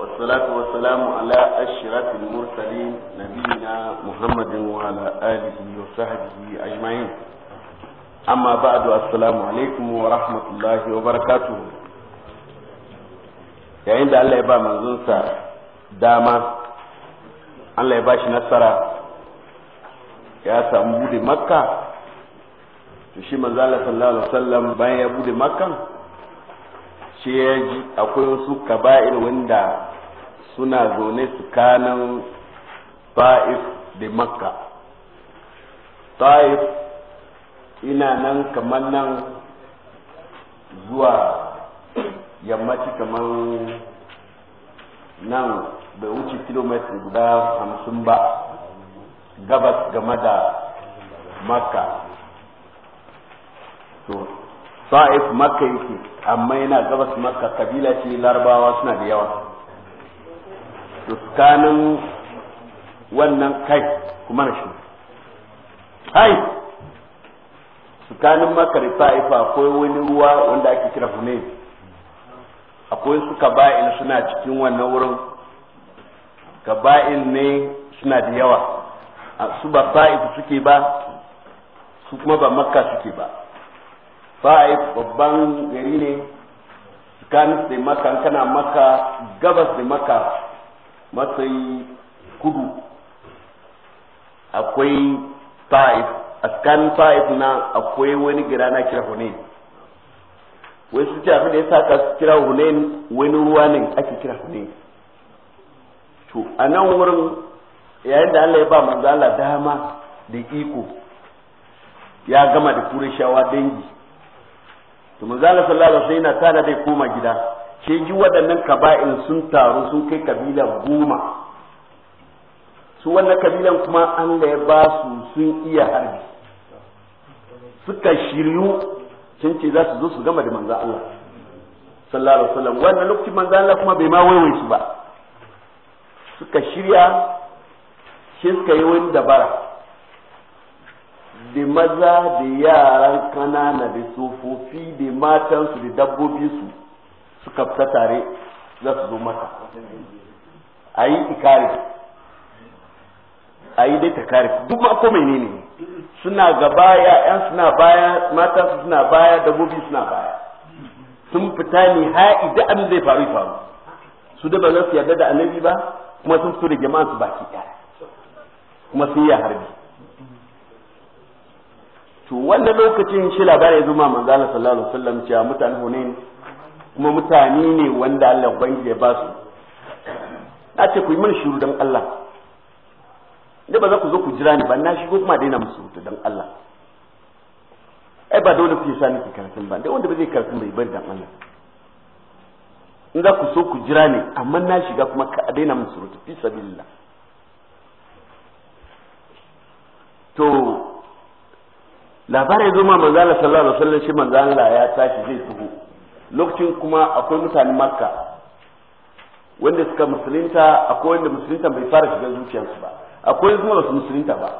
والصلاة والسلام على أشرف المرسلين نبينا محمد وعلى آله وصحبه أجمعين أما بعد السلام عليكم ورحمة الله وبركاته yayin da Allah ya ba manzonsa dama Allah ya ba shi nasara ya samu bude maka to shi manzo Allah sallallahu alaihi bayan ya bude makkan ce ya ji akwai wasu kaba'ir wanda suna zaune tsakanin ta'if da makka ta'if ina nan kamar nan zuwa yammaci kamar nan bai wuce kilomita guda hamsin ba gabas game da makka sa'if makka yake amma yana gabas makka kabila ce larabawa suna da yawa tsakanin wannan kai kuma na shi hai tsakanin makka da sa'if akwai wani ruwa wanda ake kira hunain akwai su kaba'il suna cikin wannan wurin kaba'il ne suna da yawa su ba sa'if suke ba su kuma ba makka suke ba fa'if babban gari ne tsakanin da maka kana maka gabas da maka matsayi kudu akwai fa'if a tsakanin fa'if na akwai wani gira na kira hunain wai su ce abin da ya saka su kira hunain wani ruwa ne ake kira hunain to a nan wurin yayin da Allah ya ba manzo Allah dama da iko ya gama da kurashawa dangi to manzo Allah sallallahu alaihi wasallam yana tana dai koma gida sai ji waɗannan kaba'in sun taru sun kai kabila goma su wannan kabilan kuma an da ya ba su sun iya harbi suka shiryu sun ce za su zo su gama da manzo Allah sallallahu alaihi wasallam wannan lokacin manzo Allah kuma bai ma waiwai su ba suka shirya shi suka yi wani dabara da maza da yaran kanana da tsofaffi da matansu da dabbobinsu suka fita tare za su zo mata. a yi ikari a yi dai takari duk ma ko menene suna gaba ya'yan suna baya matansu suna baya dabbobi suna baya sun fita ne ha'i da abin zai faru faru su da ba za su yarda da annabi ba kuma sun fito da jama'ansu baki ɗaya kuma sun yi harbi to wannan lokacin shi labarin zuma manzo Allah sallallahu alaihi wasallam cewa mutane hune kuma mutane ne wanda Allah ubangiji ya ba su na ce ku yi mini shiru don Allah da ba za ku zo ku jira ni ba na shigo kuma daina musu rubutu don Allah ai ba dole ku yi sa nake karatun ba dai wanda ba zai karatun bai bari dan Allah in za ku so ku jira ne amma na shiga kuma ka daina musu rubutu fi sabilillah to labarai zuma ma manzo Allah sallallahu alaihi wasallam shi manzo Allah ya tashi zai tuhu lokacin kuma akwai mutanen makka wanda suka musulunta akwai wanda musulunta bai fara shiga zuciyarsu ba akwai kuma wasu musulunta ba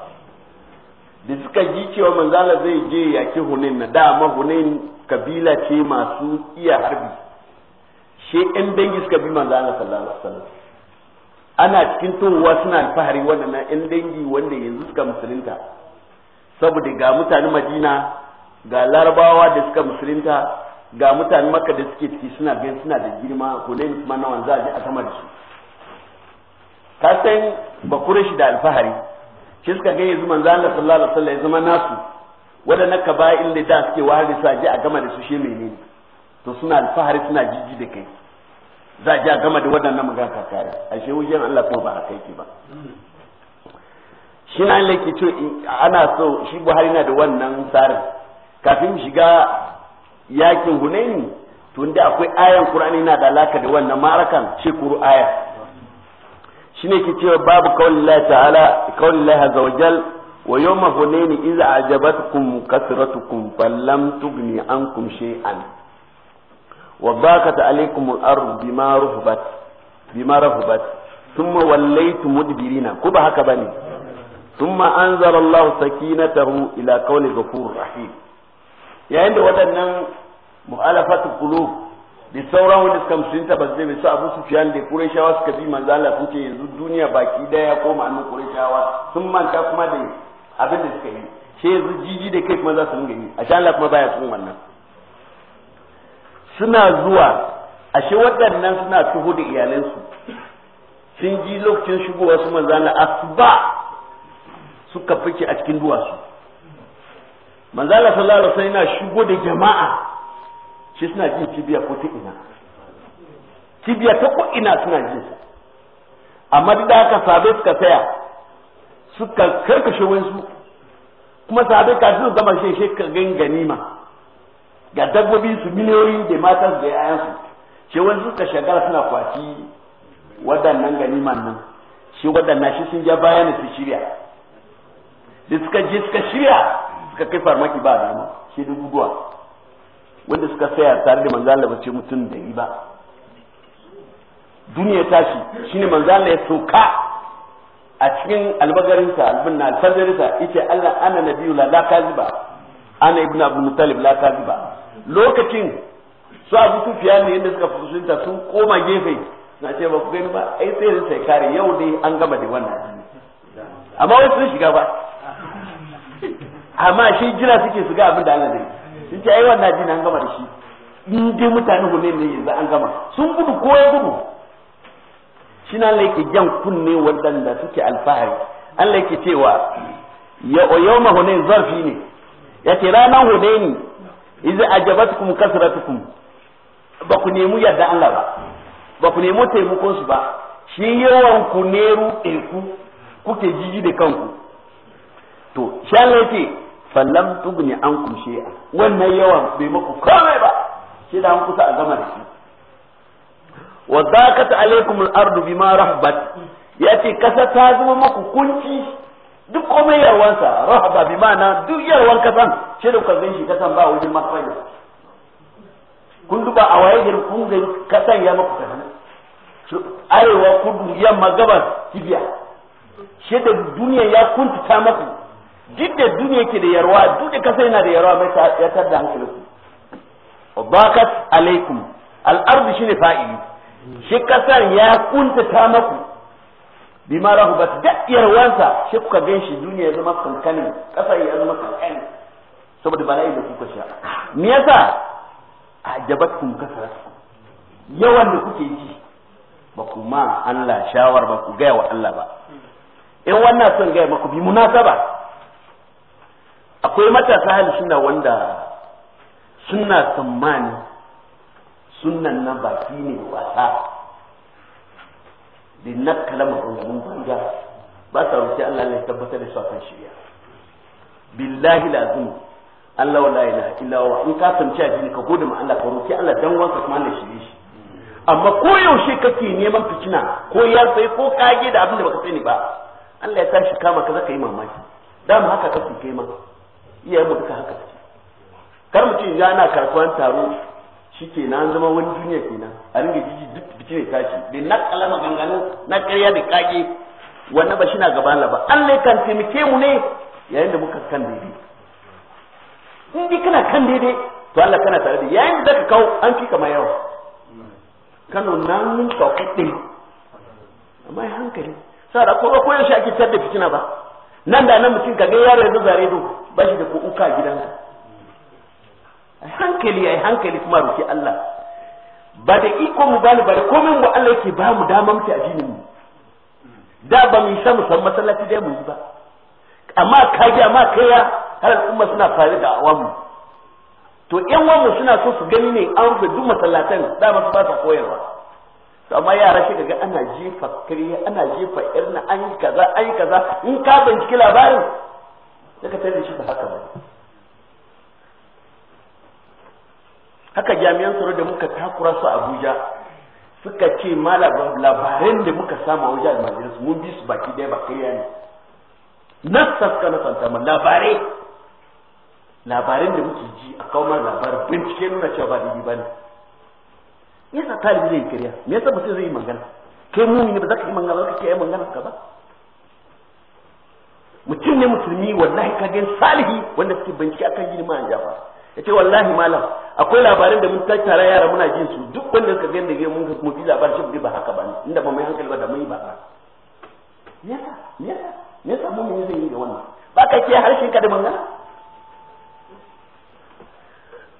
da suka ji cewa manzo Allah zai je yaki Hunain na dama Hunain kabila ce masu iya harbi she ɗan dangi suka bi manzo Allah sallallahu alaihi wasallam ana cikin tohuwa suna alfahari waɗannan ɗan dangi wanda yanzu suka musulunta saboda ga mutanen madina ga larabawa da suka musulunta ga mutanen makka da suke ciki suna gan suna da girma ko ne kuma na wanzu a sama da su ka san bakure shi da alfahari shi suka gani yanzu manzo Allah sallallahu alaihi wasallam ya zama nasu na kaba'il da da suke wahali su ji a gama da su shi menene to suna alfahari suna jijji da kai za a ji a gama da waɗannan magana kakaya a wujen Allah kuma ba a kai ke ba shi na lake ce ana so shi buhari na da wannan tsarin kafin shiga yakin hunaini tun da akwai ayan qur'ani na da alaka da wannan ma'arakan ce kuru aya shi ne ke cewa babu kawalillahi ta'ala kawalillahi azawajal wa yawma hunaini iza ajabatkum kasratukum falam tugni ankum shay'an wa baqat alaykum al-ard bima rahbat bima rahbat thumma wallaytum mudbirina ko ba haka bane thumma anzala Allah sakinatahu ila kauni ghafurur rahim yayin da waɗannan mu'alafatu qulub da sauran wanda suka musulunta ba zai su abu sufyan da qurayshawa suka bi manzo Allah suke yanzu duniya baki daya ko ma'anin qurayshawa sun manta kuma da abin suka yi shi yanzu jiji da kai kuma za su gani a sha Allah kuma baya sun wannan suna zuwa ashe waɗannan suna tuho da iyalansu sun ji lokacin shigowar su manzo Allah asba suka fice a cikin duwatsu manzala sallallahu alaihi wasallam yana shigo da jama'a shi suna jin kibiya ko ta ina kibiya ta ko ina suna jin amma duk da haka sabai suka tsaya suka karkashe wansu kuma sabai kafin su gama shi shi gan ganima ga dabbobi su miliyoyi da matan da yayansu shi wani suka shagara suna kwaci waɗannan ganiman nan shi waɗannan shi sun ja bayan su shirya da suka je suka shirya suka kai farmaki ba dama shi da guguwa wanda suka saya tare da manzo Allah bace mutum da ba duniya tashi shine manzo Allah ya soka a cikin albagarinsa albinna alfazarinsa yace Allah ana nabiyyu la la kaziba ana ibnu abdul mutalib la kaziba lokacin su abu sufiya ne yadda suka fusunta sun koma gefe na ce ba ku gani ba ai sai sai kare yau dai an gama da wannan amma wasu sun shiga ba amma shi jira suke su ga abin da Allah zai sun ce ai wannan jin an gama da shi in dai mutane hulle ne yanzu an gama sun gudu ko ya gudu shi na laike jan kunne waɗanda suke alfahari an laike cewa ya ma hunain zarfi ne yace ranan hunaini idza ajabatukum kasratukum ba ku nemi yadda Allah ba ba ku nemi taimakon su ba shi yawan ku ne ruɗe ku kuke jiji da kanku to shan yake fallam tugni an kushe wannan yawan bai maku komai ba shi da an kusa a gama da shi wa zakat alaikum al-ardu bima rahbat yace kasa ta zama maku kunci duk komai sa rahaba bi ma'ana duk yawan kasan shi da kun shi kasan ba wajen makaraja kun duba a waye da kun ga kasan ya maku kasan arewa kudu yamma gabas tibiya shi da duniya ya kuntuta maku duk da duniya ke da yarwa duk da kasa yana da yarwa mai ya tada hankalinku ubakat alaikum al'ardu shine fa'ili shi kasar ya kuntata maku bima bat da yarwansa shi kuka gan shi duniya ya zama kankani kasar ya zama kankani saboda bala'i da kuka sha me yasa ajabatkum kasar yawan da kuke ji ba ku ma Allah shawar ba ku gaya wa Allah ba in wannan son gaya maku bi munasaba akwai matasa hali suna wanda suna tsammani sunan na baki ne wasa da na kalamar ɗangun banga ba sa roƙi Allah ne tabbatar da su shirya billahi lazim Allah wala ilaha illa wa in ka tsamci a jini ka gode ma Allah ka roƙi Allah dan wanka kuma na shirye shi amma ko yaushe kake neman fitina ko ya sai ko kage da abin da baka sani ba Allah ya tashi kama ka zaka yi mamaki dama haka kake kai ma iyayen mu duka haka kar mu ce ya na karkuwan taro shike na an zama wani duniya kenan a ringa jiji duk biki ne tashi da na kala maganganu na ƙarya da kage wanda ba shi na gaban ba Allah kan taimake mu ne yayin da muka kan daidai in dai kana kan daidai to Allah kana tare da yayin da zaka kawo an fi kamar yawa kano nan ka kuɗi amma hankali sai da ko ko yaushe ake tada fitina ba nan da nan mutum kaga yaro ya zare do ba shi da ko uka a gidansa a hankali a hankali kuma roki Allah ba da iko mu bani ba da komai mu Allah yake ba mu dama muke addinin mu da ba mu yi mu san masallaci dai mu yi ba amma kage amma kaiya har al'umma suna fare da awamu to yan wamu suna so su gani ne an rufe duk masallatan da ba su ba koyarwa to amma yara shi ga ana jifa kare ana jifa irna an yi kaza an yi kaza in ka binciki labarin sai ka tare shi da haka ba haka jami'an tsaro da muka takura su Abuja suka ce ma labarin da muka samu a wajen almajiransu mun bi su baki daya ba kariya ne nassa suka na santama labarai labarin da muke ji a kawo labarin bincike nuna cewa ba daidai ba ne yasa talibi zai kariya me yasa mutum zai yi magana kai ne ba za ka yi magana ba kake yi magana ka ba mutum ne musulmi wallahi ka gani salihi wanda suke bincike akan yin ma'an jafa yace wallahi malam akwai labarin da mun ta tara yara muna jin su duk wanda ka gani da ga mun kuma bi labarin shi ba haka ba inda ba mai hankali ba da mai ba yasa yasa yasa ne zai yi da wannan ba ka ke harshen ka da magana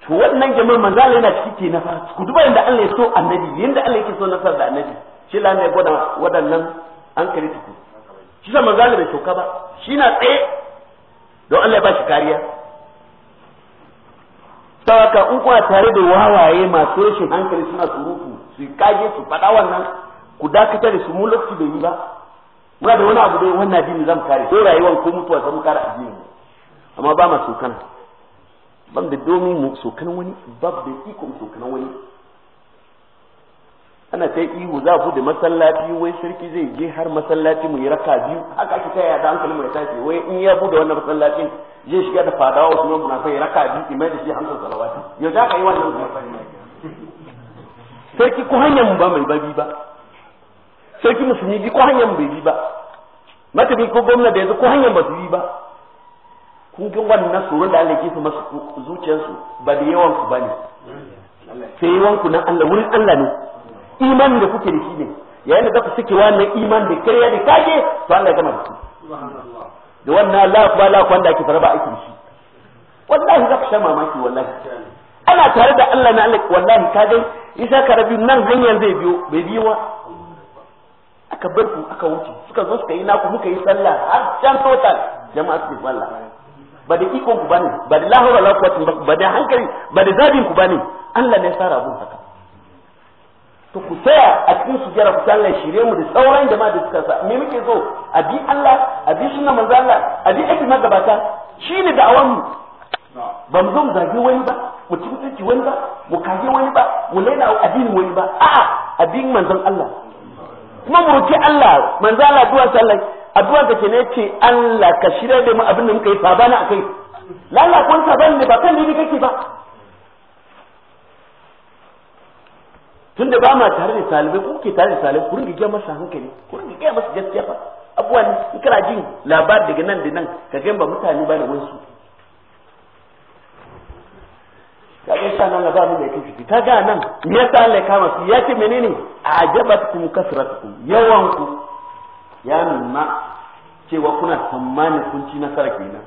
to wannan jama'a manzo Allah yana ciki kenan fa ku duba yanda Allah ya so annabi yanda Allah yake so nasar da annabi shi la ne gwada wadannan an kare ku shi sa manzo Allah bai shoka ba shi na tsaye don Allah ya ba shi kariya sawaka in kuna tare da wawaye masu rashin hankali suna surutu su kage su faɗa wannan ku dakatar da su mu lokaci bai yi ba muna da wani abu dai wannan addini zamu kare ko rayuwar ko mutuwa zan kare addini amma ba masu kana ban da domin mu sokan wani bab da ikon sokan wani ana ta ihu za bude masallaci wai sarki zai je har masallaci mu yi raka biyu haka ake ta yada hankali mai tashi wai in ya bude wannan masallacin zai shiga da fadawa wasu nan munafai ya raka biyu imai da shi hamsin salawati yau za ka yi wannan sarki ko hanyar mu ba mai babi ba sarki musulmi bi ko hanyar mu bai bi ba matafi ko gwamna da yanzu ko hanyar ba su bi ba kun ga wannan tsoron da Allah ya jefa masu zuciyarsu ba da yawan ku bane sai yawan ku nan Allah wurin Allah ne iman da kuke da shi ne yayin da ku suke wannan iman da kariya da kage to Allah ya gama da ku da wannan Allah ba la ku da ake fara ba ake shi wallahi za ku sha mamaki wallahi ana tare da Allah na Allah wallahi kage isa karabi nan hanyar zai biyo bai biyo wa aka bar ku aka wuce suka zo suka yi naku muka yi sallah har can total jama'a su sallah ba da ikon ku bane ba da lahura la kuwatin ba ba da hankali ba da zabin ku bane Allah ne ya tsara abun haka to ku tsaya a cikin su jira ku ta Allah shirye mu da sauran jama'a da suka sa me muke so a bi Allah a bi sunna manzo Allah a bi aiki magabata shine da'awar mu ba mu zo mu zage wani ba mu tuntunci wani ba mu kage wani ba mu laina addinin wani ba a'a addinin manzon Allah kuma mu roki Allah manzo Allah duwa sallallahu addu'a ka ke ne ce Allah ka shirya da mu abin da muka yi sabani akai lalla kun sabani ne ba kan ni kake ba tunda ba ma tare da talibai ku ke tare da talibai ku ringa gaya masa hankali ku ringa gaya masa gaskiya fa abubuwan in kana jin labar daga nan da nan ka gamba mutane ba da wasu ka ga sa nan ba mu da yake fiti ta ga nan me yasa Allah ya kama su ya ce menene ajabatkum kasratukum yawanku ya nuna cewa kuna tsammanin kun ci nasara kenan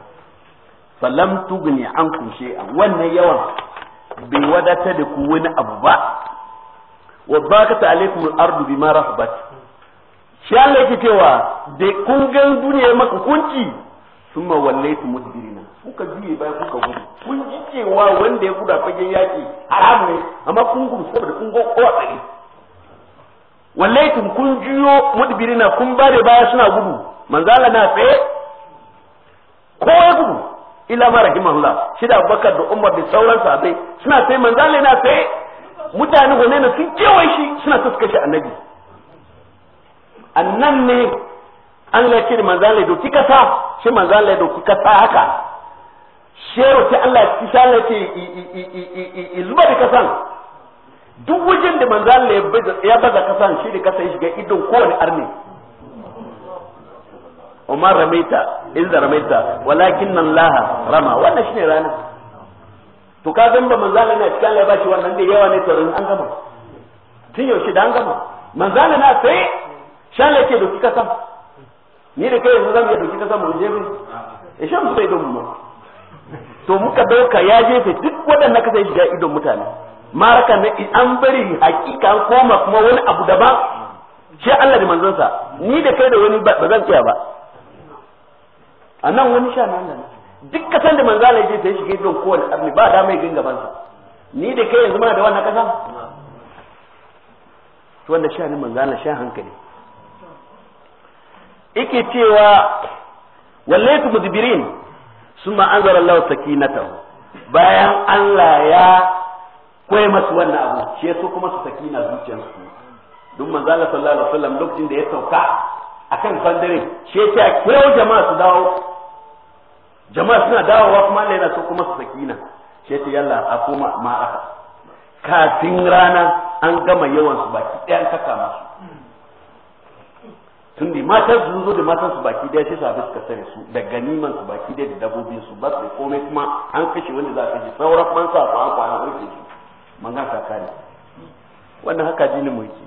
falam tugni an kushe a wannan yawan bai wadata da ku wani abu ba wa bakata alaikum al-ardu bima rahabat shi Allah yake cewa da kun ga duniya maka kunci summa wallaitu mudbirina kuka juye bayan kuka gudu kun ji cewa wanda ya guda fage yaki haram ne amma kun gudu saboda kun ga kowa wallahi kun juyo mudbirina kun ba da baya suna gudu manzala na tsaye ko ya gudu ila ma rahimahullah shi da abubakar da umar da sauran sahabbai suna tsaye manzala na tsaye mutane gone na sun kewaye shi suna ta suka shi annabi annan ne an lafi da manzala da kika sa shi manzala da kika sa haka shero ta Allah ya ci sala ce da kasan duk wajen da manzo Allah ya baza kasa shi da kasa ya shiga idon kowane arni umar ramaita da ramaita walakin nan laha rama wannan shine ranar to ka zan manzo Allah na cikin Allah ya bashi wannan da yawa ne to an gama tun yaushe da an gama manzo Allah na sai shan yake doki kasa ni da kai yanzu zan iya doki kasan mu je mu ya shan mu sai don mu to muka dauka ya jefe duk wadannan kasa ya shiga idon mutane maraka na an bari hakika an koma kuma wani abu da ba shi Allah da manzansa ni da kai da wani ba zan tsaya ba a nan wani sha nan nan duk kasan da Allah yake sai shige don kowane abu ba da mai gin gaban sa ni da kai yanzu muna da wannan kasan to wanda sha ne Allah sha hankali yake cewa wallaitu mudbirin summa anzara Allah sakinatahu bayan Allah ya koya masu wannan abu shi su kuma su saki na zuciyarsu duk manzo Allah sallallahu alaihi wasallam lokacin da ya sauka akan sandare shi yake kira jama'a su dawo jama'a suna dawowa kuma Allah yana so kuma su na shi ce yalla a koma ma aka kafin rana an gama yawan su baki ɗaya an saka masu tun da matan su zo da matan su baki ɗaya sai sabi suka sare su da ganiman su baki ɗaya da dabobin su ba su komai kuma an kashe wanda za a kashe sauran man sa an kwana urke su man za ka kare wannan haka ji mu yake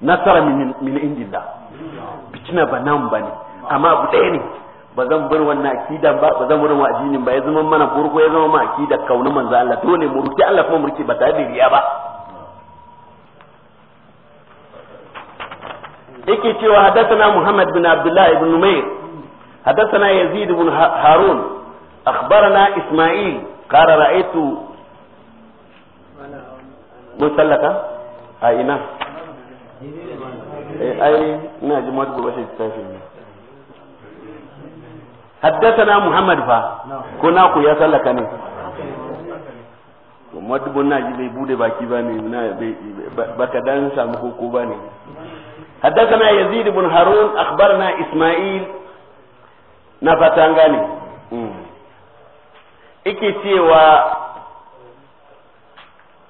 nasara min indilla fitina ba nan ba ne amma abu ɗaya ne ba zan bar wannan akida ba ba zan bar wannan addinin ba ya zama mana burgo ya zama ma akida kauna manzo Allah dole mu ruki Allah kuma mulki ba tare da riya ba yake cewa hadathana Muhammad bin Abdullah ibn Numair hadathana Yazid ibn Harun akhbarana Isma'il qala ra'aytu mun sallaka a ina eh, ai ina ji madu ba shi tafi ne haddathana muhammad fa ko na ku ya sallaka ne madu na ji bai bude baki ba ne na baka dan samu koko ba ne حدثنا يزيد بن na اخبرنا اسماعيل نفتان غني ike cewa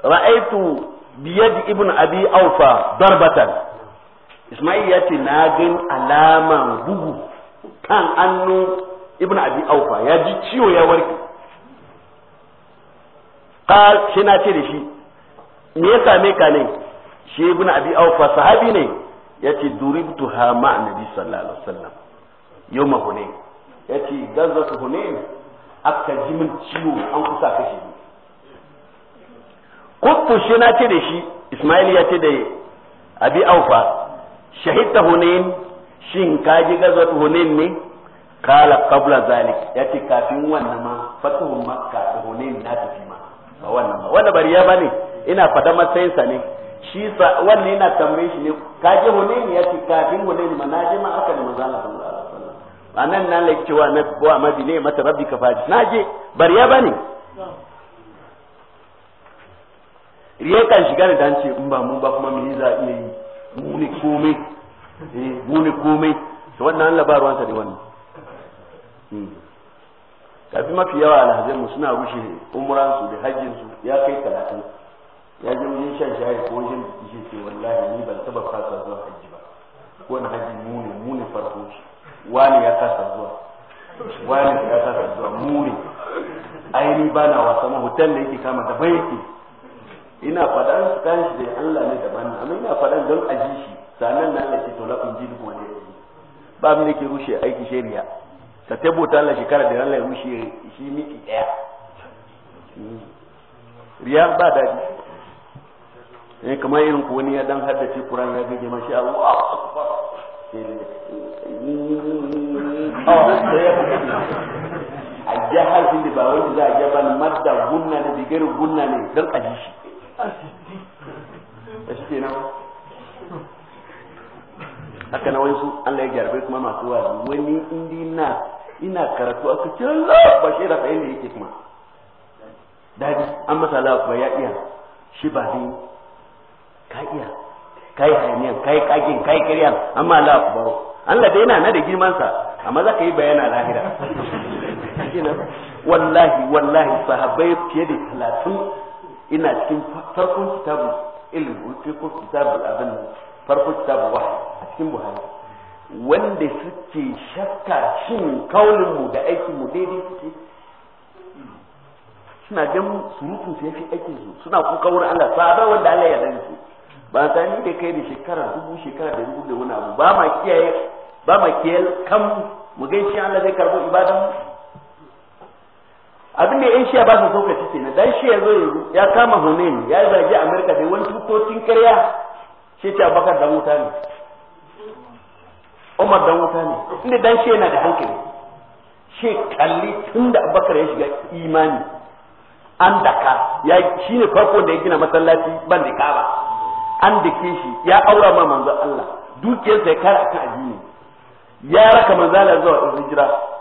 ra'aitu biyad ibn abi aufa darbatan isma'il ya ce na gan alaman bugu kan annu ibn abi aufa ya ji ciwo ya warke ka shi na ce da shi me ya same ka ne shi ibn abi aufa sahabi ne ya ce duribtu ha ma annabi sallallahu alaihi wasallam yawma hunain ya ce gazzatu hunain aka ji min ciwo an kusa kashe ni kuttu shi na ce da shi ismail ya ce da abi aufa shahidta hunayin shin ka ji gazwat hunayin ne kala qabla zalik ce kafin wannan ma fatuhun makka da hunayin na tafi ma ba wannan ma wanda ya bane ina fada matsayinsa ne shi sa wannan yana tambaye shi ne ka ji ya ce kafin hunayin ma na je ma aka da manzala sallallahu alaihi wasallam anan nan lake cewa na mabi ne mata rabbika faji na je bari ya bane riya kan shiga da dance in ba mu ba kuma me za iya yi mu ne komai eh mu ne komai to wannan Allah ba ruwansa da wannan hmm. kafi mafi yawa alhazai mu suna rushe su da su ya kai talatin ya je wajen shan shayi ko wajen biki ce wallahi ni ban taba fasa zuwa hajji ba wani hajji mu ne mu ne farko wani ya kasa zuwa wani ya kasa zuwa mu ne ai ni bana wasa ma hotel da yake kama da bai yake ina faɗan kan shi da Allah ne daban amma ina faɗan don a ji shi sanan na Allah ce to lakum dinukum wa dinikum ba mu yake rushe aiki shari'a ka ta Allah shekara da Allah ya rushe shi miki daya riya ba dadi eh kamar irin ko wani ya dan haddace Qur'an ya gaje mashi Allah a jahar da ba wanda za a jaban madda gunna ne bigar gunna ne don a ji shi ba shi ke haka na wani su Allah ya gyarbe kuma masu wa wani indi na ina karatu aka ce Allah ba shi da fa'in yake kuma dadi an masa Allah ba ya iya shi ba dai ka iya kai hayaniyan kai kagin kai kiryan amma Allah ku baro Allah dai yana na da girman sa amma za ka yi bayana lahira wallahi wallahi sahabbai fiye da talatin ina cikin farkon kitabu ilmi ko kitabu abin farkon kitabu wahyi a cikin buhari wanda suke shakka shin kaulin da aikinmu daidai suke suna gan surutun su yafi aikin su suna kuka wurin Allah sahaba wanda Allah ya dan su ba sani da kai da shekara dubu shekara da dubu da wani abu ba ma kiyaye ba ma kiyaye kan mu gaishe Allah zai karbo ibadan mu abin da yan shiya ba su ciki na dan shi ya zo ya kama Hunain ya zagi Amerika da wani tutocin karya shi ce Abubakar dan wuta ne Umar dan wuta ne inda dan shi yana da hankali shi kalli tun da Abubakar ya shiga imani an daka ya shine farko da ya gina masallaci ban da kaba an dake shi ya aura ma manzo Allah dukiyarsa ya kara akan addini ya raka manzala zuwa hijira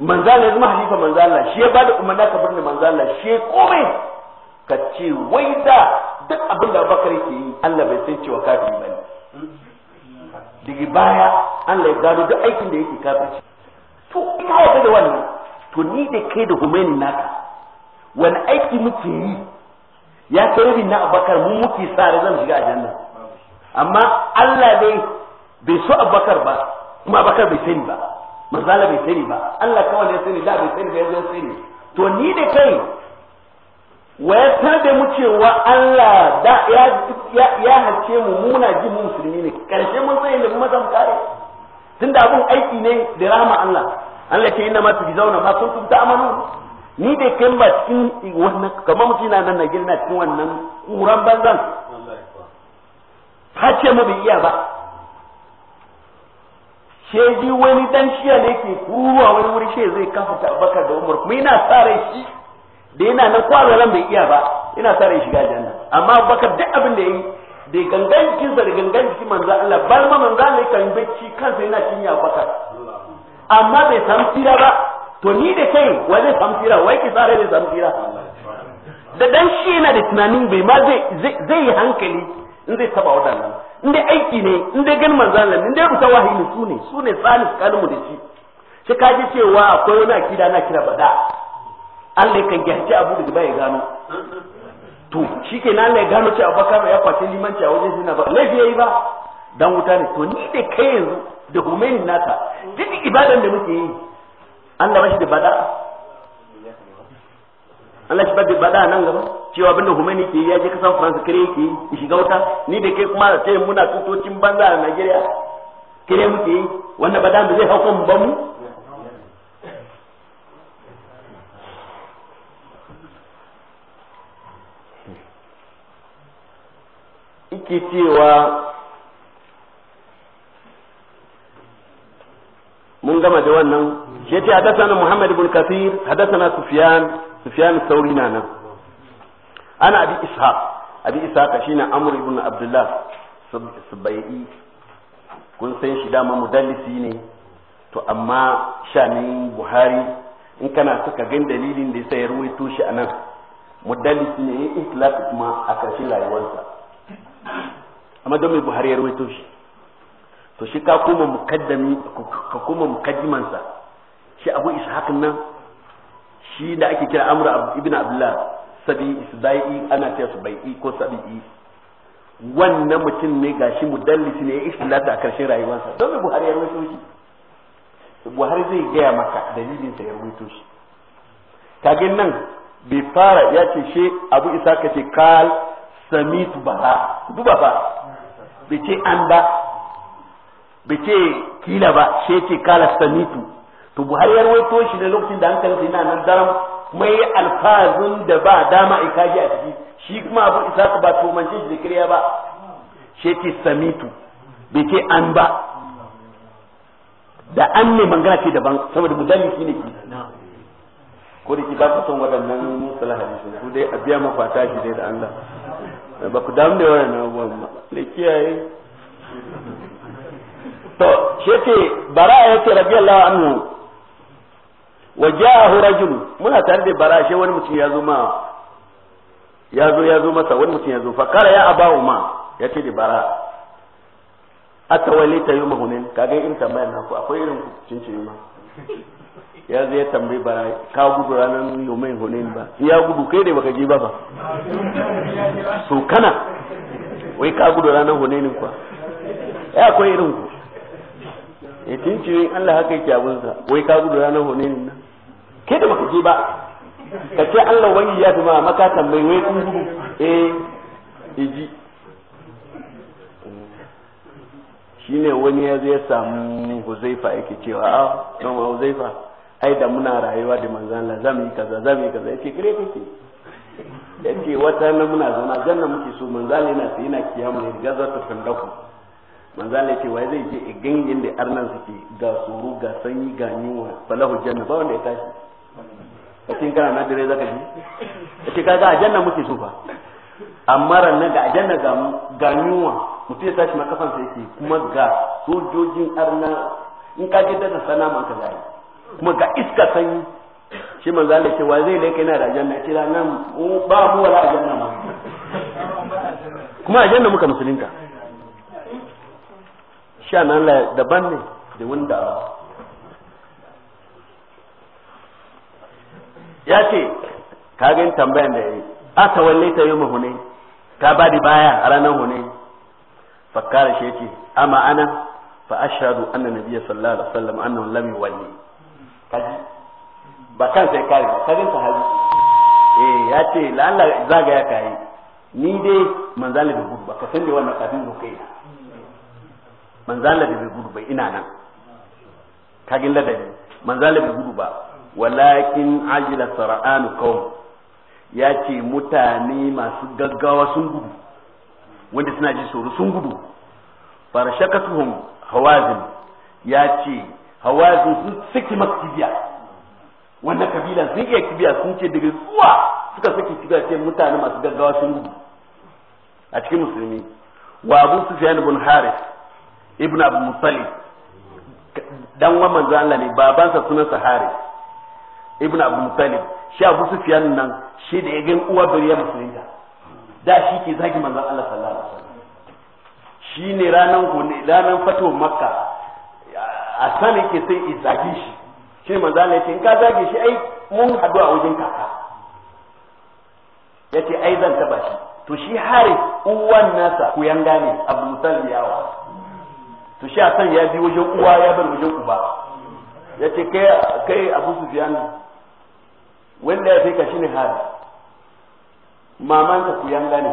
manzala zama halifa manzala shi ya bada umarna ka birni manzala shi kome ka ce wai da duk abin da abakar ke yi Allah bai san cewa kafiri bane daga baya Allah ya gano duk aikin da yake kafirci to in hawa da wannan to ni da kai da Humaini naka wani aiki muke yi ya kai na Abakar mu muke sa ran zan shiga aljanna amma Allah dai bai so Abakar ba kuma Abakar bai sani ba manzala bai sani ba Allah kawai ya sani da bai sani ba yazo sani to ni da kai wa ya tada mu cewa Allah da ya ya ya hace mu muna ji mu musulmi ne karshe mun sai da mu zan kare tunda abun aiki ne da rahama Allah Allah ke inna ma tujzauna ma kuntum ta'malun ni da kai ba cikin wannan kamar mutum na nan na gina cikin wannan kuran banzan hace mu bai iya ba ji wani dan shiya ne ke kuruwa wani wuri shi zai kafa abakar da umar kuma yana sa rai shi da yana nan ran bai iya ba yana sa rai shiga janna amma bakar duk abin da yayi da gangancin sa da gangancin manzo Allah bal ma manzo Allah kan bacci kansa yana cinya abakar amma bai san tira ba to ni da kai wa zai samu wai ki sa rai zai samu da dan shi yana da tunanin bai ma zai zai yi hankali in zai taba waɗannan in dai aiki ne in dai ganin manzo Allah in dai rubuta wahayi ne sune sune salif kalmu da shi shi ka ji cewa akwai wani akida na kira bada Allah kan gyarci abu da ya gano to shikenan Allah ya gano cewa Abubakar ya kwace limanci a wajen shi na ba laifi yayi ba dan wuta ne to ni da kai yanzu da Humaini duk ibadan da muke yi Allah da bada Allah shi bada bada nan gaba cewa abinda Khomeini ke ya je kasan France kare yake ki shiga wuta ni da kai kuma sai muna tutocin banza a Najeriya kare muke yi wannan bada mu zai hauka mu ba mu ike cewa mun gama da wannan shi ya ce hadasana na Muhammad ibn Kathir haddasa na Sufyan sufyan sauri na nan ana abi isha abi shi na amur ibn abdullah subayi kun san shi dama mudallisi ne to amma shanin buhari in kana suka gan dalilin da yasa ya ruwaito shi anan mudallisi ne ya itlaq kuma a karshen rayuwarsa amma don mai buhari ya ruwaito shi to shi ka kuma mukaddami ka kuma mukaddimansa shi abu ishaq nan shi da ake kira amr ibn abdullah sabi isdai ana ce su bai'i ko sabi'i wannan mutum ne gashi mudallisi ne ya istilata a karshen rayuwarsa don me buhari ya rawaito shi buhari zai gaya maka dalilin sa ya rawaito shi kage nan bai fara ya ce she abu isa ka ce kal samitu bara duba ba, bai ce an ba bai ce kila ba she ce kala samitu to buhari ya rawaito shi da lokacin da hankalin sa yana nan daram mai alfazun da ba dama ai kaji a ciki shi kuma abu isa ba to mance shi da ba shi yake samitu bai ce an ba da an ne mangana ce daban saboda mudalli shi ne ki ko da ki ba ku son waɗannan musala hadisi ku dai a biya mafata shi dai da Allah ba ku damu da wannan abubuwan ba da kiyaye to shi yake bara ya ce rabiyallahu anhu wa ja'ahu rajul muna tare da barashe wani mutum ya zo ma ya zo ya zo masa wani mutum ya zo fa kara ya abawu ma ya ce da bara atawalita yawma hunain kaga irin tambayar naku akwai irin cincin ma ya zo ya tambayi bara ka gudu ranar yomain hunin ba ya gudu kai ne baka je ba ba so kana wai ka gudu ranar hunin kwa ya akwai irin ku ya tince Allah haka yake abunsa wai ka gudu ranar hunin nan ke da baka je ba ka ce Allah wani ya ma makatan mai wai kun gudu eh iji shine wani ya zai samu huzaifa yake cewa a ah, don huzaifa ai da muna rayuwa da manzan Allah zamu yi kaza zamu yi kaza yake kire kake yake wata nan muna zan janna muke so manzan yana sai yana kiyamu ne gaza ta tandaku manzan Allah yake wai zai je ganyen da arnan suke ga suru ga sanyi ga yunwa falahu janna ba wanda ya tashi cikin kana na dare zaka shi yace kaga ajanna muke so fa amma ran ga ajanna ga ga nuwa mutum ya tashi makafan sa yake kuma ga sojojin arna in ka ji da sana ma ka zai kuma ga iska sanyi shi man Allah ce wa zai laika yana da ajanna ce nan ba mu wala ajanna ma kuma ajanna muka musulunta sha nan daban ne da wanda ya ce ka gani tambayan da yayi a wanne ta yi hune ta ba baya a ranar hune fakkara shi yake amma ana fa ashhadu anna nabiyya sallallahu alaihi wasallam annahu lam yuwalli kaji ba kan sai kare ba ta sahabi eh ya ce lalla zaga ya kai ni dai manzala da gudu ba ka san da wannan kafin zukai manzala da gudu bai ina nan kagin ladabi manzala da gudu ba walakin ajila sara'anu kawai ya ce mutane masu gaggawa sun gudu wanda suna ji tsoro sun gudu farashakatuhum hawazin ya ce hawazin sun saki masu kibiya wannan kabila sun iya kibiya sun ce daga zuwa suka saki kibiya ce mutane masu gaggawa sun gudu a cikin musulmi wa abu sufyan ibn haris ibn abu musali dan wa manzo Allah ne babansa sunansa haris ibn abdul talib shi abu sufyan nan shi da ya ga uwa bariya musulunta da shi ke zagi manzon Allah sallallahu alaihi wasallam shi ne ranan gone ranan fato makka a sani ke sai i zagi shi shi ne manzon Allah ya ce in ka zage shi ai mun hadu a wajen kaka ce ai zan taba shi to shi hari uwan nasa ku yanga ne abdul talib yawa to shi a san ya bi wajen uwa ya bar wajen uba ya ce kai abu sufyan wanda ya fi ka ne hada maman ku yanga ne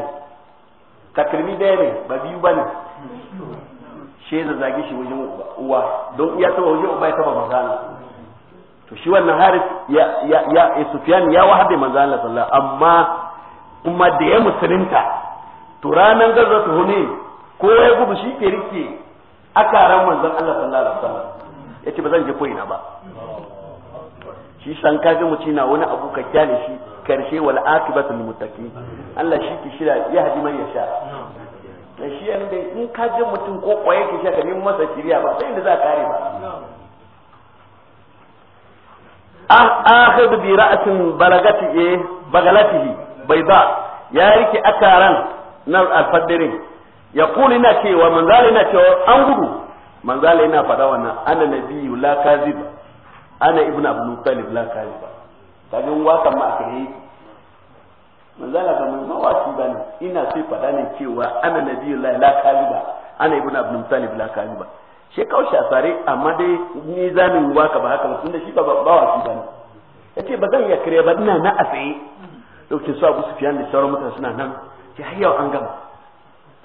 takalmi daya ne ba biyu ba ne shi ya zage shi wajen uwa don ya taba wajen uba ya taba manzana to shi wannan hari ya ya ya sufyan ya wahabe manzana sallallahu amma kuma da ya musulunta to ranar gaza ta hune ko ya gudu shi ke rike akaran manzan Allah sallallahu alaihi wasallam yace ba zan je ko ina ba shi san kaga mutum na wani abu ka kyale shi karshe wal akibatul muttaqin Allah shi ki shira ya hadi man yasha da shi yan dai in ka ji mutum ko kwaye ki shaka ne masa kiriya ba sai da za kare ba akhid bi ra'sin balagati e bagalatihi bayda ya rike akaran na alfadirin ya kuli na cewa manzali na cewa an gudu manzali na faɗa wannan ana nabiyu la kaziba ana ibn abdul talib la kaje wa kan ma aka yi manzala ga mun mawaki bane ina sai fada ne cewa ana nabiyullahi la kaliba ana ibn abdul talib la kaliba shi kaushe sha tsare amma dai ni zamin ka ba haka ba tunda shi ba wa bawaki bane yace ba zan iya kire ba ina na a tsaye lokacin su abu sufiyan da sauran mutane suna nan ki hayyau an gama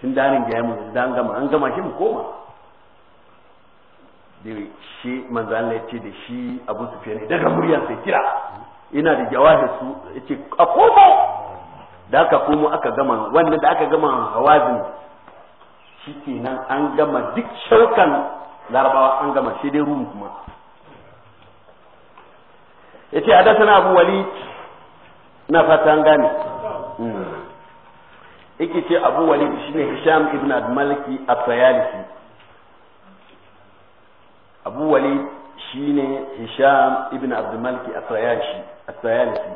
tun da nan ga mu yanzu an gama an gama shi mu koma shi manzan ya ce da shi abu su ne daga muryar sai kira ina da jawabin su ya ce a komo da aka komo aka gama wannan da aka gama hawazin shi kenan an gama duk shaukan larabawa an gama shi dai rum kuma ya ce a abu wali na fata an gane hmm. yake ce abu wali shine hisham ibn al-maliki abu walid shine hisham ibn abd malik at-tayashi at-tayalisi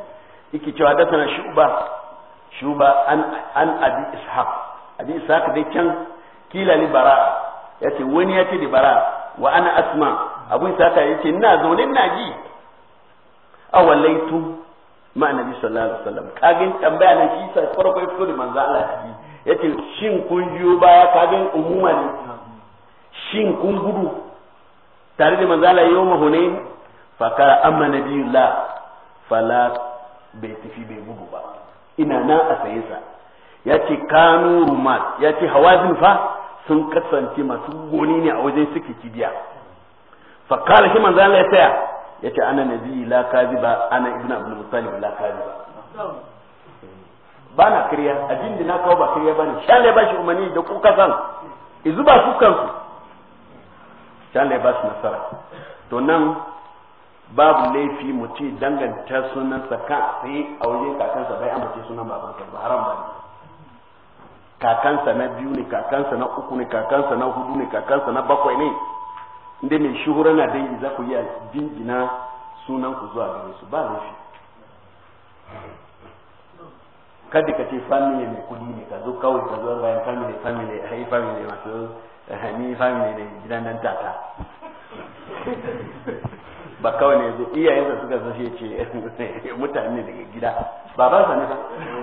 yake cewa da tana shuba shuba an an abi ishaq abi ishaq dai can kila ni bara yace wani ya yace da bara wa ana asma abu ishaq yace ina zaune ina ji A awallaitu ma annabi sallallahu alaihi wasallam kagin tambaya ne shi sai farko ya fito da manzo Allah yace shin kun jiyo baya kagin umuma ne shin kun gudu tare da manzala yau mahunain faka amma na biyu la fala bai tafi bai gudu ba ina na a saye sa ya ce kanu rumat ya ce hawazin fa sun kasance masu goni ne a wajen suke kibiya fakala shi manzala ya taya ya ce ana biyu la kaziba ana ibn abu mutalib la kaziba ba na kariya abin da na kawo ba kariya ba ne shan ba shi umarni da kuka san izu ba su ta Allah ya ba su nasara to nan babu laifi mu ce danganta sunansa ka sai a waje kakansa bai amince sunan babansa ba haram ba kakansa na biyu ne kakansa na uku ne kakansa na hudu ne kakansa na bakwai ne inda mai shuhura na dangi za ku iya jingina sunan ku zuwa gare su ba laifi kada ka ce family mai kudi ne ka zo kawai ka zo bayan family family ai family masu ni family ne gidan nan tata ba kawai ne zo iyayensa suka san shi ce eh, mutane daga gida baban sa ne ba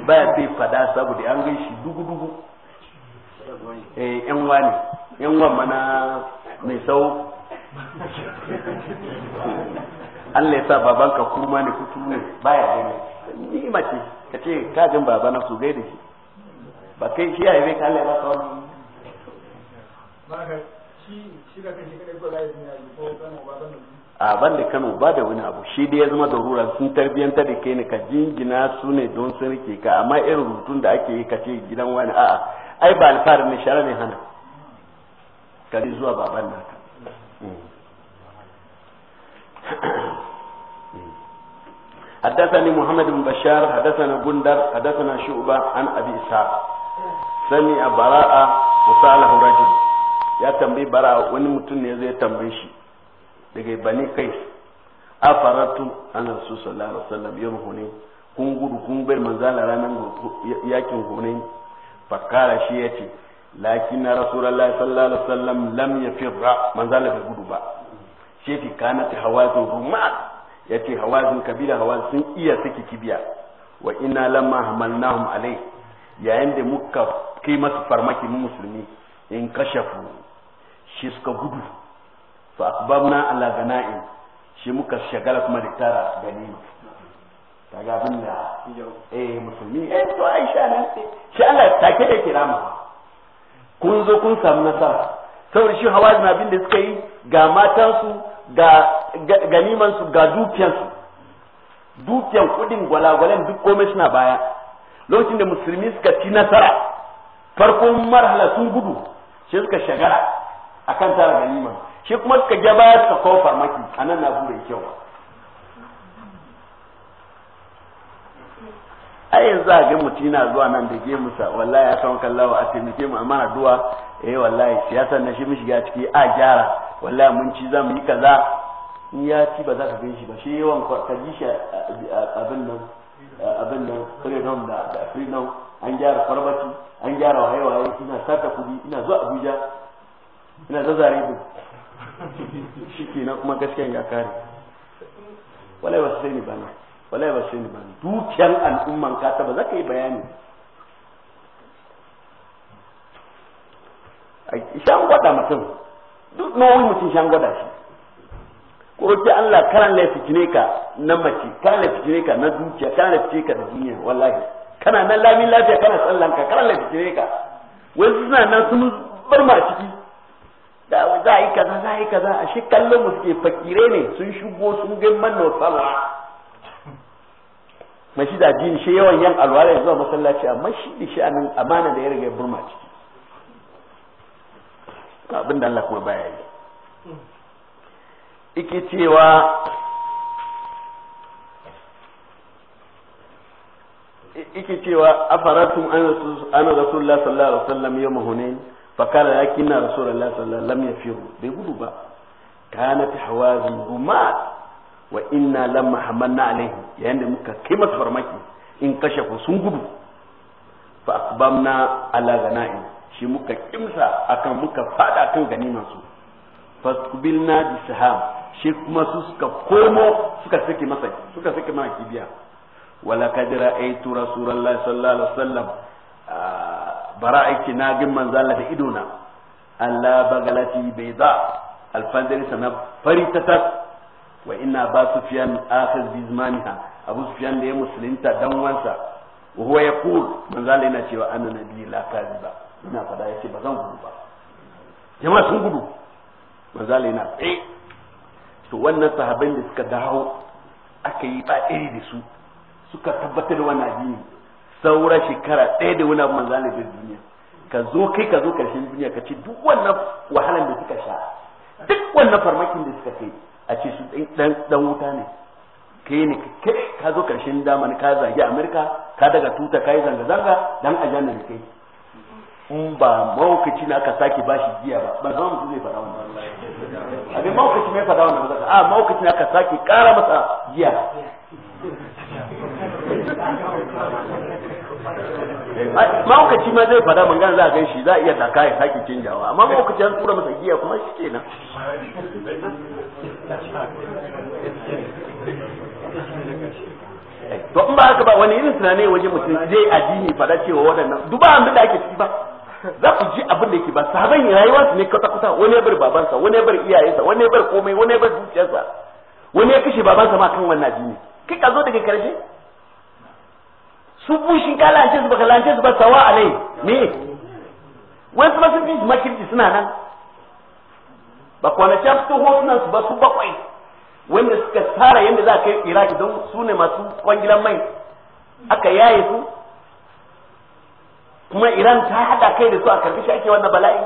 baya bai fada saboda an gai shi dugu dugu eh yan wani yan wan mana mai sau Allah ya sa babanka kuma ne kutu ne baya gani ni mace ka ce kajin babana su gaida shi ba kai shi ya yi bai kalle ba kawai a ban da kano ba da wani abu shi dai ya zama da rura sun tarbiyyanta da kai ne ka jingina su ne don sun rike ka amma irin rutun da ake yi ka ce gidan wani a'a ai ba alfahar ne shara ne hana ka zuwa baban naka حدثني محمد بن بشار gundar بندر حدثنا شعبة عن أبي sani a bara'a وسأله رجل ya tambayi bara wani mutum ne zai tambaye shi daga bani kai a faratu an rasu sallallahu alaihi wasallam yau hune kun gudu kun bai manzala ranar yakin hune fakara shi ya ce lakin na rasulallah sallallahu alaihi wasallam lam ya firra manzala bai gudu ba shi ke kana ta hawazin ruma ya ce hawazin kabila hawazin sun iya saki kibiya wa ina lamma hamalnahum alai yayin da muka kai masu farmaki mu musulmi in kashafu shi suka gudu fa akbamna ala gana'in shi muka shagala kuma da tara gani ta ga abin da eh musulmi eh to aisha ne shi Allah take da kirama kun zo kun samu nasara saboda shi hawazin abin da suka yi ga matansu ga ganimansu ga dukiyansu dukiyan kudin gwalagwalen duk komai suna baya lokacin da musulmi suka ci nasara farkon marhala sun gudu sai suka shagara akan tara ganima shi kuma suka gaba suka kawo farmaki a nan na bude kyau ba ai yanzu a ga mutum yana zuwa nan da ke musa wallahi ya san lawa a taimake mu amma duwa eh wallahi siyasa na shi shiga ciki a gyara wallahi mun ci za mu yi kaza in ya ci ba za ka gan shi ba shi yawan ka shi abin nan abin nan freedom da freedom an gyara farmaki an gyara waye waye ina sata kudi ina zuwa abuja ina zare ku shi ke na kuma gaskiyan ya kare walai ba sai ni bana walai ba sai ni bana dukiyar al'umman ka ta ba za ka yi bayani shan gwada mutum duk nauyi mutum shan gwada shi ko roki Allah karan la fitine ka na mace karan la fitine ka na dukiya karan la fitine ka da duniya wallahi kana nan lamin lafiya kana sallanka karan karan la fitine ka wai suna nan sun bar ma ciki da za a yi kaza za a yi kaza a shi kallon mu suke fakire ne sun shigo sun ga manna sala mashi da jin shi yawan yan alwala zuwa masallaci amma shi da shi anan amana da ya rage burma ciki ga abin da Allah kuma baya yi ike cewa ike cewa afaratun an rasulullah sallallahu alaihi wasallam yawm hunain fakara ya kina rasulullahi sallallahu lam yafiru bai gudu ba kana ta hawa gumat wa inna lamma hamanna alaihi yayin da muka kai masa farmaki in kashe ku sun gudu fa akbamna ala ganaim shi muka kimsa akan muka fada kan ganiman su faskubilna bi saham shi kuma su suka komo suka sake masa suka sake mana kibiya wala kadira aitu rasulullahi sallallahu alaihi wasallam bara yake na gin manzala da ido na Allah bagalati bai za alfanzari na fari ta tas wa ina ba sufiyan akhir bizmaniha abu sufiyan da ya musulunta dan wansa wa ya yaqul manzala yana cewa anna nabi la ba ina fada yace ba zan gudu ba jama'a sun gudu manzala yana tsaye to wannan sahabin da suka dawo aka yi ba iri da su suka tabbatar da wannan addini saura shekara ɗaya da wani abu manzo Allah bai duniya ka zo kai ka zo karshen duniya ka ce duk wannan wahalan da suka sha duk wannan farmakin da suka kai a ce su dan wuta ne kai ne ka zo karshen daman ka zagi Amerika ka daga tuta kai zanga zanga dan aljanna ne kai in ba maukaci na aka sake bashi jiya ba ban zama mutum zai fada wannan abin maukaci mai fada wannan ba a maukaci na aka sake ƙara masa jiya. mahaukaci ma zai fada magana za a gan shi za a iya taka ya sake canjawa amma mahaukaci an tura masa giya kuma shi kenan to in ba haka ba wani irin tunani waje mutum zai addini fada cewa waɗannan duba abin da ake ciki ba za ku ji abin da yake ba sahaban rayuwa su ne kasa kusa wani ya bar babansa wani ya bar iyayensa wani ya bar komai wani ya bar zuciyarsa wani ya kashe babansa ma kan wannan addini kai ka zo daga karshe su bushin ka lance su baka lance su ba sawa alai me wani kuma sun fi makirci suna nan ba kwanacin su suna su ba su bakwai wanda suka tsara yadda za a kai iraki don su ne masu kwangilan mai aka yaye su kuma iran ta hada kai da su a karkashin ake wannan bala'i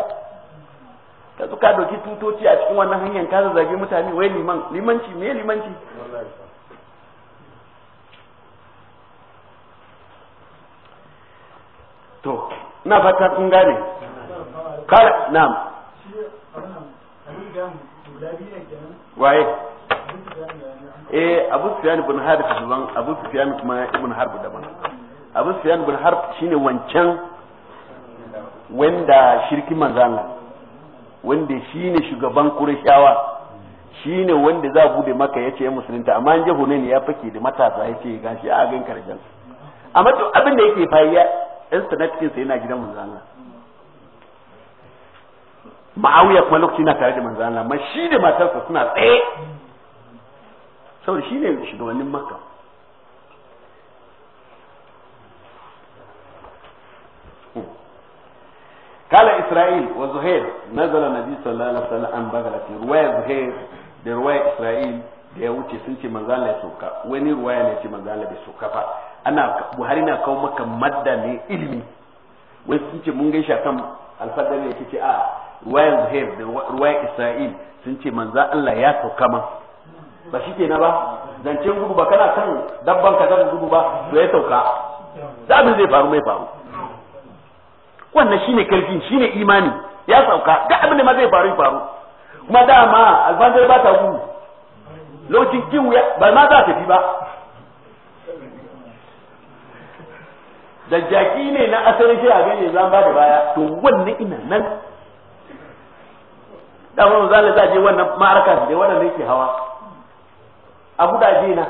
ka zuka ka doki tutoci a cikin wannan hanyar ka zazzage mutane wai limanci me limanci to ina fata kun gane kar na'am waye eh abu sufyan ibn harb daban abu sufyan kuma ibn harb daban abu sufyan ibn harb shine wancan wanda shirki manzana wanda shine shugaban qurayshawa shine wanda za bude maka yace ya musulunta amma an je ne ya fake da matasa yace gashi a gan karshen amma duk abin da yake fa internet na yana gidan manzo Allah ma'awiya kuma lokaci na tare da manzo Allah amma shi da matarsa suna tsaye saboda shi ne shugabannin makka قال إسرائيل وزهير نزل النبي صلى الله عليه وسلم عن بغلة رواية زهير da ruwaya Isra'il da ya wuce sun ce manzo ya sauka wani ruwaya ne ce manzo bai ana buhari na kawo maka madda ne ilimi wai sun ce mun gaisha kan alfadar ne yake ce a ah, ruwayan zuhair da ruwayan isra'il sun ce manza allah ya sauka ma ba shi ke na ba zancen gudu ba kana kan dabban ka zan gudu ba to ya sauka da abin zai faru mai faru wannan shine karfin shine imani ya sauka da abin da ma zai faru faru kuma dama alfadar ba ta gudu lokacin kiwu ba ma za ta fi ba da jaki ne na asali shi a gane zan ba da baya to wannan ina nan da mun zan za je wannan ma'arka da wannan ne ke hawa a gudaje na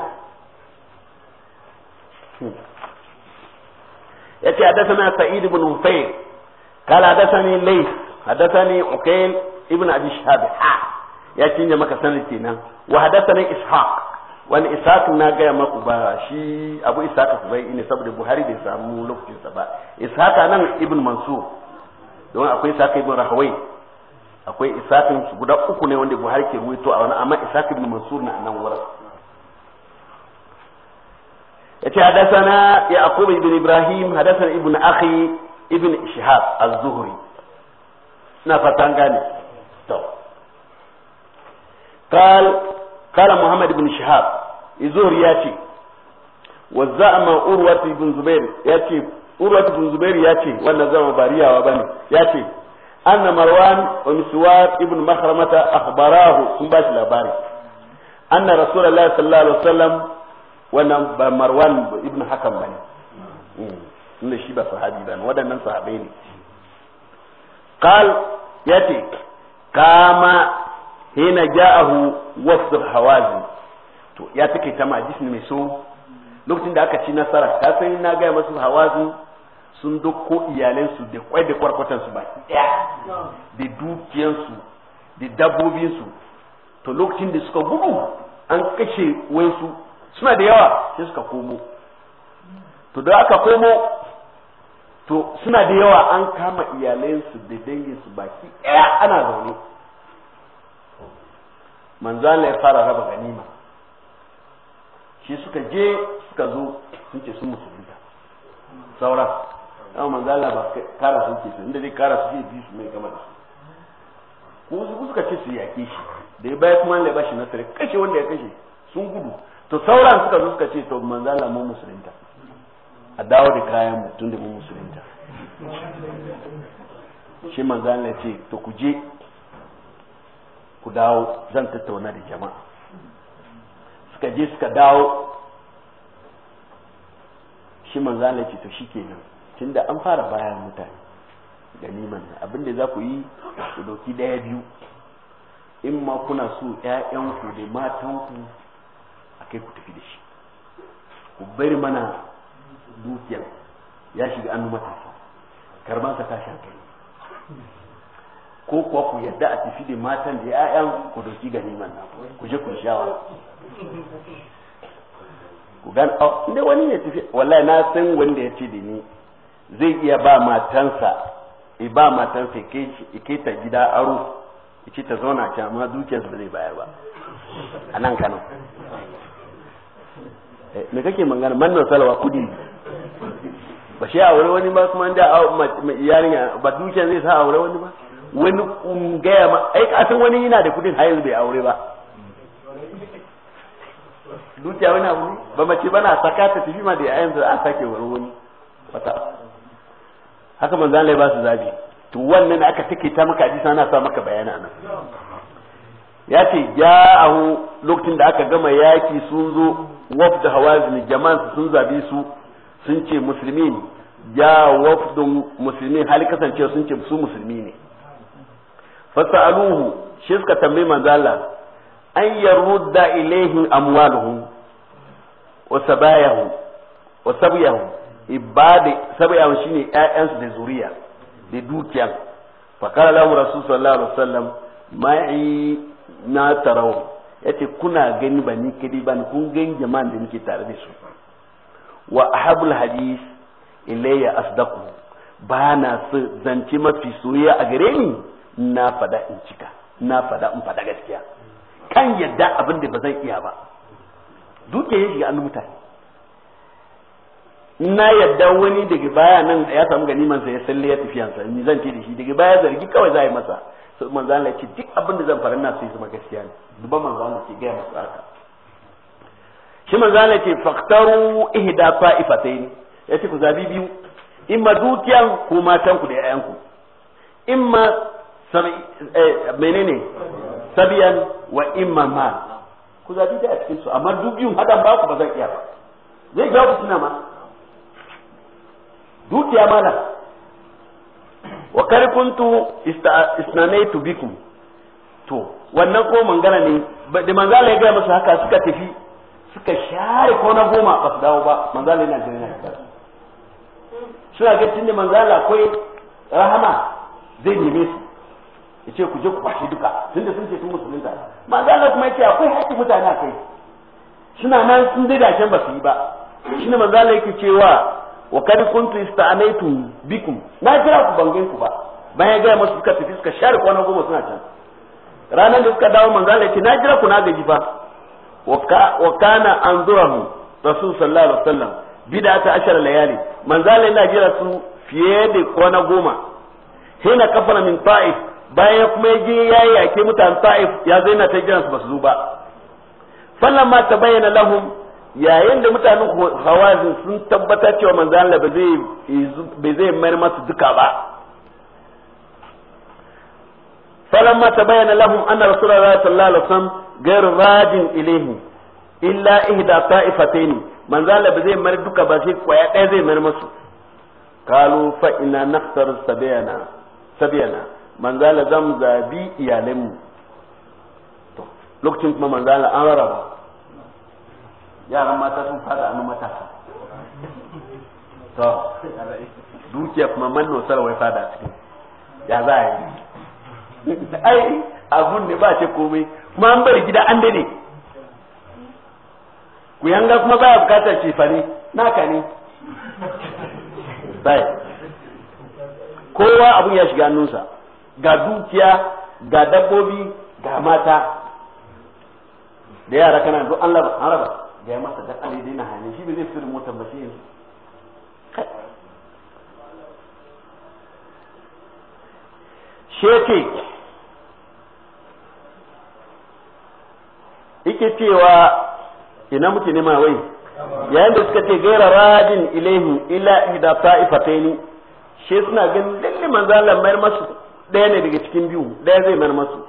yace hadathana sa'id ibn hufayl qala hadathani lays hadathani uqail ibn abi shahab ya cinye maka sanin kenan wa hadathani ishaq wani isaac na gaya maku ba shi abu isaac kubai ne saboda buhari bai samu lokacinsa ba isaac nan ibn mansur don akwai isaac ibn rahawai akwai isaac guda uku ne wanda buhari ke ruwaito a wani amma isaac ibn mansur na nan wurin yace hadathana yaqub ibn ibrahim hadathana ibn akhi ibn shihab az-zuhri na fatan gane to قال kala muhammad bin shihab izur ya ce wa za'ama urwat ibn zubair ya ce urwat ibn ya ce wannan zama bariyawa bane ya ce anna marwan wa miswar ibn mahramata akhbarahu sun bashi labari anna rasulullahi sallallahu alaihi wasallam wannan ba marwan hakan bane hmm, inda shi ba sahabi ne waɗannan ne yace kama hina ja'ahu wasf hawazi to ya take ta ma jisni mai so lokacin da aka ci nasara ta san na ga masu hawazi sun doko iyalensu da kwai da kwarkwatan su baki daya da dukiyansu da dabobinsu to lokacin da suka gugu an kashe wayansu suna da yawa sai suka komo to da aka komo to suna da yawa an kama iyalensu da danginsu baki daya ana zaune manzo Allah ya fara raba ganima shi suka je suka zo sun ce sun musulunta saura amma manzo Allah ba kara sun ce inda dai kara su bi su mai gama da su ko su suka ce su yake shi da ya baya kuma Allah ya bashi nasara kashe wanda ya kashe sun gudu to sauran suka zo suka ce to manzo Allah mu musulunta a dawo da kayan mutum da mu musulunta shi manzo Allah ya ce to ku je ku dawo zan tattauna da jama'a suka je suka dawo shi manzo Allah ce to tun tunda an fara bayan mutane neman abinda za ku yi ku dauki daya biyu in ma kuna so 'ya'yanku da matanku a kai ku tafi da shi ku bari mana dukiyar ya shiga annu matasa karbansa ta tashi ko kuwa ku yadda a tafi da matan da ya'yan ku doki neman nan ku je ku shawara ku gan a oh, inda wani ya tafi wallahi na san wanda ya ce da ni zai iya ba matansa i ba matansa kai ta gida aro ce ta zauna can amma dukiyarsa ba zai bayar ba a nan kano eh, me kake magana manna salawa kudi ba shi aure wani ba kuma da yarinya ba dukiyar zai sa aure wani ba wani gaya ma ai kasan wani yana da kudin hayar bai aure ba dukiya wani abu ne ba mace bana saka ta tafi ma da yayin da a sake wani wani wata haka manzo Allah ya ba su zabi to wannan aka take ta maka hadisi ana sa maka bayana nan ya ce ahu lokacin da aka gama yaki sun zo wafda hawazin jama'an sun zabi su sun ce musulmi ne ja wafdun musulmi hali kasance sun ce su musulmi ne fasaluhu shi suka tambayi manzo Allah an yarudda ilaihim amwaluhum wa sabayahum wa sabyahum ibadi sabyahum shine su da zuriya da dukiya fa qala lahu rasul sallallahu alaihi wasallam ma'i na tarawu yace kuna gani ba ni kidi ba ni kun gani jama'an da nake tare da su wa ahabul hadith ilayya asdaqu bana su zance mafi soyayya a gare ni na fada in cika na fada in fada gaskiya kan yadda abin da ba zan iya ba duke ya shiga annu mutane na yadda wani daga baya nan ya samu ganiman sa ya salle ya tafi yansa ni zan ce da shi daga baya zargi kawai za a yi masa sai manzo Allah ya ce duk abin da zan fara na sai zama gaskiya ne duba manzo Allah ce ga masa haka shi manzo Allah ce faktaru ihda ta'ifatayn yace ku zabi biyu imma dukiyan ko matan ku da yayan ku imma Eh, menene sabiyan wa imama ku zabi da a cikin su amma duk biyun hadan ba ku ba zan iya ba zai ga ku tuna ma dukiya mala wa kar kuntu isnanaitu bikum to wannan ko mangana ne da manzala ya ga musu haka suka tafi suka share ko na goma ba su dawo ba manzala yana jira suna ga tunda manzala akwai rahama zai neme su yace ku je ku kwashe duka tunda sun ce sun musulunta manzo Allah kuma yace akwai haƙƙin mutane akai suna nan sun dai dashen ba su yi ba shine manzo Allah yake cewa wa kad kuntu ista'anaitu bikum na kira ku bangin ku ba bayan ga masu suka tafi suka share kwana goma suna can ranar da suka dawo manzo Allah yake na jira ku na gaji fa wa kana anzurahu rasul sallallahu alaihi wasallam bid'ata ashara layali manzo Allah yana jira su fiye da kwana goma hina kafara min ta'if bayan kuma ya je ya yake mutanen ta'if ya zaina ta jiransu ba su zo ba fallan ma ta bayyana lahum yayin da mutanen hawazin sun tabbata cewa manzo Allah ba zai ba zai mayar masu duka ba fallan ma ta bayyana lahum anna rasulullahi sallallahu alaihi wasallam gairu radin ilaihi illa ihda ta'ifatayn manzo Allah ba zai mayar duka ba sai kwaya ɗaya zai mayar masu kalu fa ina naftar sabiyana sabiyana manzala zan zabi iyalanmu to lokacin kuma manzala an raba yaran mata sun fada a matasa to dukiya kuma manno sarwai fada cikin ya za a yi ai abun ne ba ce komai kuma an bari gida an dade ku yanga kuma baya bukatar cefane na naka ne bai kowa abun ya shiga hannunsa ga dukiya ga dabbobi ga mata da yara kana duk an laba an raba da ya masa da dai na hanyar shi bai zai fi motar ba shi yanzu sheke ike cewa ina muke nema wai yayin da suka ce gaira radin ilaihi ila ihda ta'ifataini shi suna ganin lalle manzo Allah mayar masu ɗaya ne daga cikin biyu ɗaya zai mana masu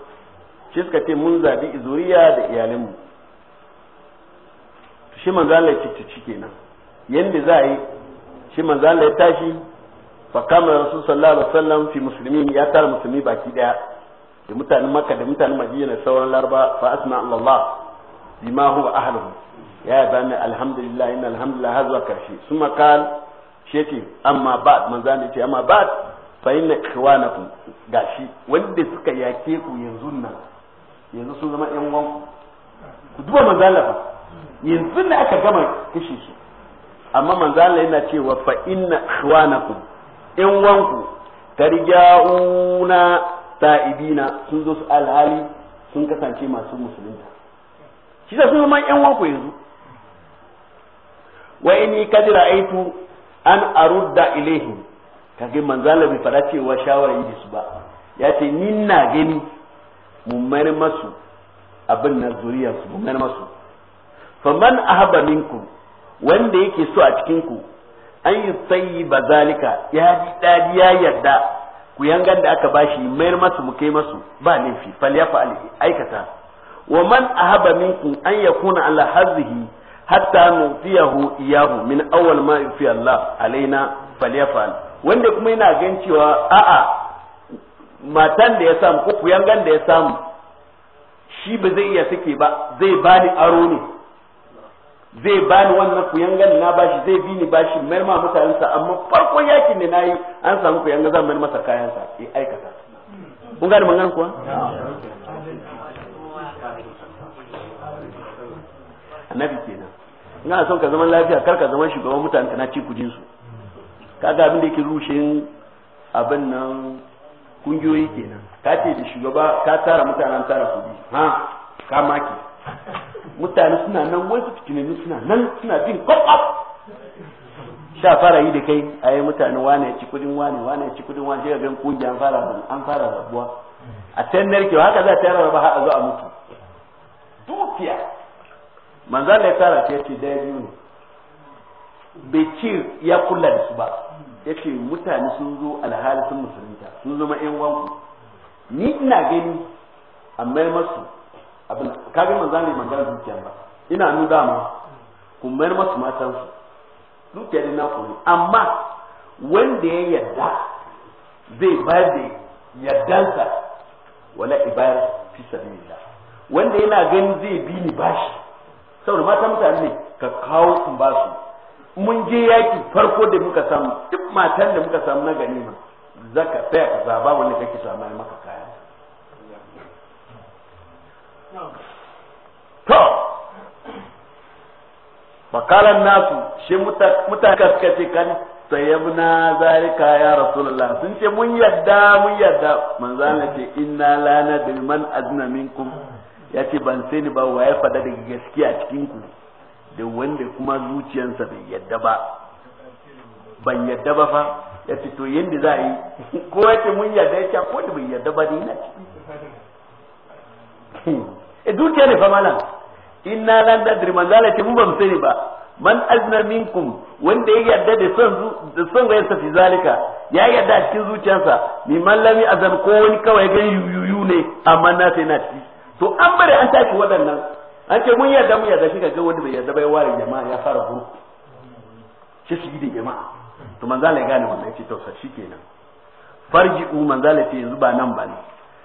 shi suka ce mun zabi izuriya da iyalinmu shi manzo Allah ya cicci kenan yanda za a yi shi manzo Allah ya tashi fa kama rasul sallallahu alaihi wasallam fi muslimin ya tara musulmi baki daya da mutanen makka da mutanen madina da sauran laraba fa asma Allah bima huwa ahluhu ya ba mai alhamdulillah inna alhamdulillah har zuwa karshe suma kal sheke amma ba manzo Allah ya ce amma ba fa'in na ku gashi wanda suka yake ku yanzu nan yanzu sun zama yan wanku. ku duba manzala fa yanzu ne aka gama kishi shi amma manzala yana cewa fa inna ku yan uwanku tarja'una ta'ibina sun zo su alhali sun kasance masu musulunta shi da sun zama yan wanku yanzu wa inni kadira aitu an arudda ilaihim kage manzala bai fara cewa shawara yi su ba ya ce ni na gani mun mayar masu abin na zuriyarsu mun masu faman ahaba minkum wanda yake so a cikin ku an yi tsayi ba zalika ya ji dadi ya yarda ku yangan da aka bashi mayar masu mu kai masu ba laifi fal ya fa'al aikata wa man ahaba minkum an yakuna ala hazihi hatta nufiyahu iyahu min awwal ma yufi Allah alaina fal ya fa'al wanda kuma yana gan cewa a'a matan da ya samu ko kuyangan da ya samu shi ba zai iya sake ba zai bani aro ne zai bani wannan kuyangan na bashi zai bi ni bashi mai ma mutanensa amma farkon yakin ne nayi an samu kuyanga zan mai masa kayansa ya aikata kun gane magana kuwa annabi kenan ina son ka zaman lafiya kar ka zaman shugaban mutanen ka na ci kujin su kaga abin da yake rushe abin nan kungiyoyi kenan ka ce da shugaba ka tara mutanen tara kudi ha ka maki mutane suna nan wasu fitinannu suna nan suna bin kwakwaf sha fara yi da kai a yi mutane wane ci kudin wane wane ci kudin wane shiga gan kungiya an fara an fara rabuwa a can narkewa haka za ta yara ba har a zo a mutu dukiya manzan ne ya tara ce ce daya biyu ne bai ci ya kula da su ba yace mutane sun zo alhali sun musulunta sun zama yan wanku ni ina gani amma masu abin kaga manzo ne magana zuciya ba ina nuna ma ku mayar masu matan su zuciya ne na kuma amma wanda ya yarda zai ba da yardansa wala ibayar fi sabilillah wanda yana ganin zai bi ni bashi saboda mata mutane ne ka kawo in ba su mun je yaki farko da muka samu duk matan da muka samu na ganima zaka tsaya ka zaba wanda kake samu ai maka kaya to bakala nasu shi muta kaskace kan sayyabna zalika ya rasulullah sun ce mun yadda mun yadda manzana ce inna la nadri man azna minkum yace ban sani ni ba waye fada daga gaskiya cikin ku da wanda kuma zuciyarsa bai yadda ba ban yadda ba fa ya to yadda za a yi ko ya ce mun yadda ya ce ko da bai yadda ba ne yana ciki e dukiya ne fa malam inna lan dadri man zala ce mun ba mu sani ba man azna minkum wanda ya yarda da son da son ga yasa fi zalika ya yarda a cikin zuciyarsa mi man lami azan ko wani kawai ga yuyuyu ne amma na sai na ciki to an bari an tashi waɗannan an ce mun yarda mun yarda kika ga wanda bai yarda bai ware jama'a ya fara guru shi su yi da jama'a to manzo Allah ya gane wannan yace to shi kenan farji'u manzo Allah ce yanzu ba nan ba ne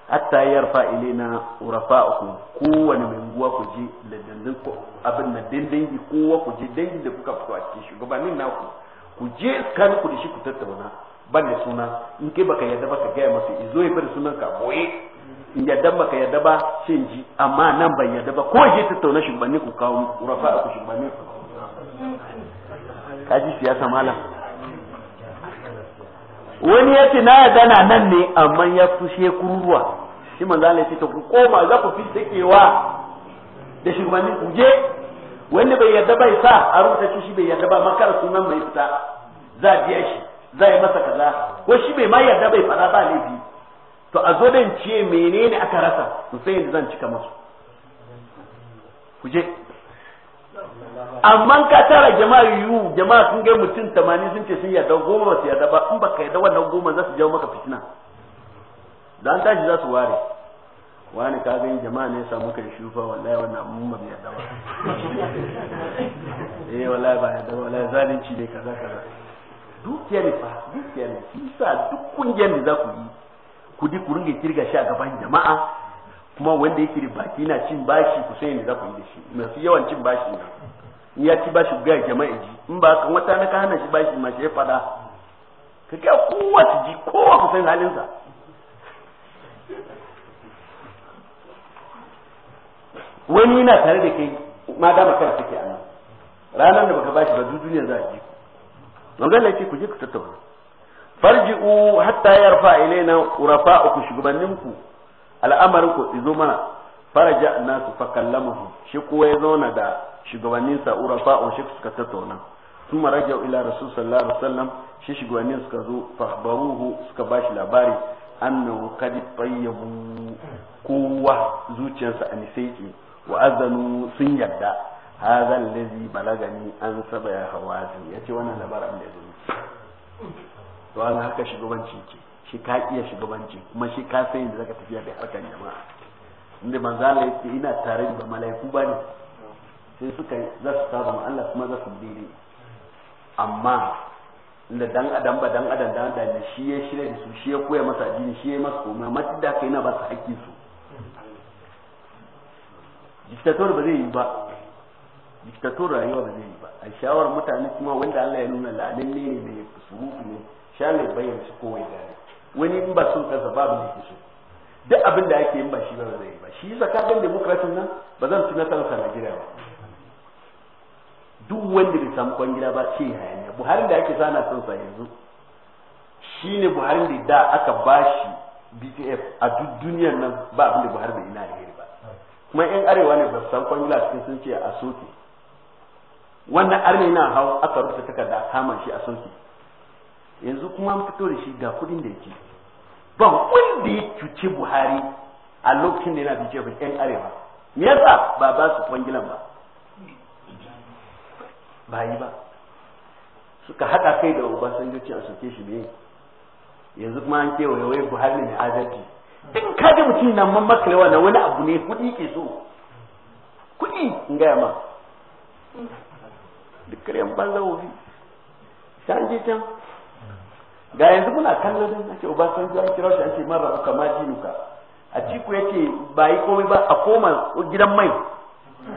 hatta yarfa ilaina urafa'ukum kowane mai guwa ku ji da dindin ku abin nan dindin kowa ku ji dindin da kuka fito a cikin shugabannin naku ku je kan ku da shi ku tattauna ban da suna in kai baka yarda baka gaya masa izo ya bar sunan ka boye yadda baka yadda ba sai ji amma nan ban yadda ba ko je tattauna shugabanni ku kawo rafa ku shugabanni ku kaji siyasa malam wani ya ce na yadda na nan ne amma ya fushe kururuwa shi manzo Allah ya ce ku koma za ku fi takewa da shugabanni ku je Wani bai yadda bai sa a rubuta shi bai yadda ba makar sunan mai fita za a biya shi za a yi masa kaza ko shi bai ma yadda bai fara ba laifi to a zo dan ce menene aka rasa in sai yanzu zan cika musu kuje amma ka tara jama'a yu jama'a sun ga mutum 80 sun ce sun yarda goma ba su yarda ba in baka yarda wannan goma za su jawo maka fitina dan tashi za su ware wani ka ga jama'a ne samu kan shufa wallahi wannan mun ba yarda ba eh wallahi ba yarda ba wallahi zalunci ne kaza kaza dukiya ne fa dukiya ne sa duk kungiyar da za ku yi Kudi ku ringa kirga shi a gaban jama'a kuma wanda yake da baki na cin bashi ku sai ne za ku yi da shi masu yawan cin bashi ne in ya ci bashi ga jama'a ji in ba kan wata na ka hana shi bashi ma shi ya fada ka ga kowa su ji kowa ku san sa. wani yana tare da kai ma dama kan take a nan ranar da baka bashi ba duk duniya za a ji ku. Manzon ce ku je ku tattauna. farji'u hatta yarfa ilaina urafa'ukum shugabanninku al'amarin ku izo mana faraja annasu fa shi kuwa ya zauna da shugabannin sa urafa'u shi suka tattauna kuma raja ila rasul sallallahu alaihi wasallam shi shugabannin suka zo fahbaruhu suka bashi labari annahu qad tayyabu kowa zuciyarsa anisaiki wa azanu sun yadda hadha allazi balagani an sabaya hawazi yace wannan labarin da yazo to an haka shugabanci ce shi ka iya shugabanci kuma shi ka san yadda zaka tafiya da harkar jama'a inda manzo Allah yake ina tare da malaiku ba ne sai suka za su saba Allah kuma za su dire amma inda dan adam ba dan adam dan adam shi ya shirya da su shi ya koya masa addini shi ya masa komai amma duk da kai na ba su hakkin su diktator ba zai yi ba diktator rayuwa ba zai yi ba a shawar mutane kuma wanda Allah ya nuna la'alin ne ne surutu ne shale bayan su ya gane wani in ba son kansa ba abin da yake so duk abin da ake yin ba shi ba zai yi ba shi ban demokratin nan ba zan ci san sa gida ba duk wanda bai samu gida ba ce hayaniya Buhari da ake sana son sa yanzu shine Buhari da da aka bashi BTF a duk duniyar nan ba abin da Buhari bai ina alheri ba kuma yan arewa ne ba su san gida cikin sun ce a soke wannan arewa na hau aka rubuta takarda kama shi a soke yanzu kuma an fito da shi ga kudin da yake ba wanda ya cuce buhari a lokacin da yana bice ba yan arewa me yasa ba ba su kwangilan ba ba yi ba suka haɗa kai da obasanjoci a soke shi ne yanzu kuma an kewaye wai buhari ne adalci in ka ji mutum na mamakalewa na wani abu ne kuɗi ke so kuɗi in gaya ma duk karyan banza shan je ga yanzu muna kallon din ake Obasanjo an kira shi ake mara ka ma dinuka a ciku yake ba yi komai ba a koma gidan mai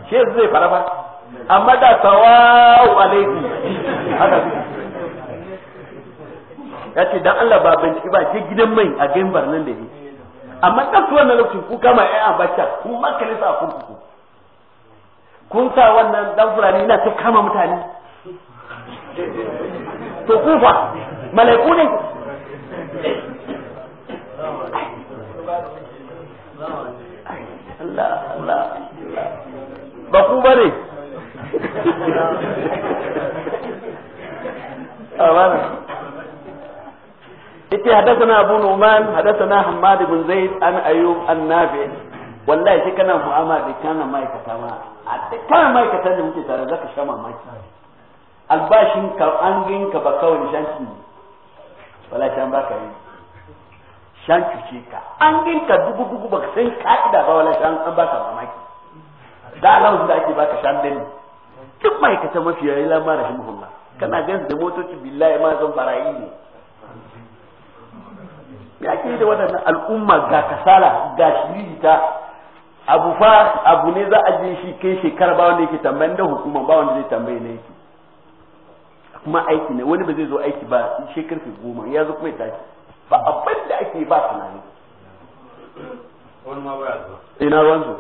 shi yanzu zai fara ba amma da tawau alaihi haka ya ce dan Allah ba binciki ba ke gidan mai a gambar nan da ne amma su wannan lokacin ku kama ƴaƴa bacca ku sa a kurkuku kun sa wannan dan furani na ta kama mutane to kufa mala'iku ne ba ku ba ne ita ah, na abu numan na hamad bin zaid an ayyub an nafi wallahi shi kana mu'amala da kana ma'aikata ma a kana ma'aikata da muke tare zaka sha mamaki albashin ka an ginka ba kawai shanki wala shan ka yi shan cuce ka an ginka dubu dubu baka san ka'ida ba wala shan an ba ka mamaki da alamun da ake baka shan dani duk ma'aikata mafi yayi shi rahimahullah kana gan da motoci billahi ma zan barayi ne me ke da waɗannan al'umma ga kasala ga shiririta abu fa abu ne za a je shi kai shekara ba wanda yake tambayin da hukuma ba wanda zai tambaye ne yake kuma aiki ne wani ba zai zo aiki ba shi karfe goma ya zo kuma ya tashi ba abin da ake ba tunani ina ruwan zo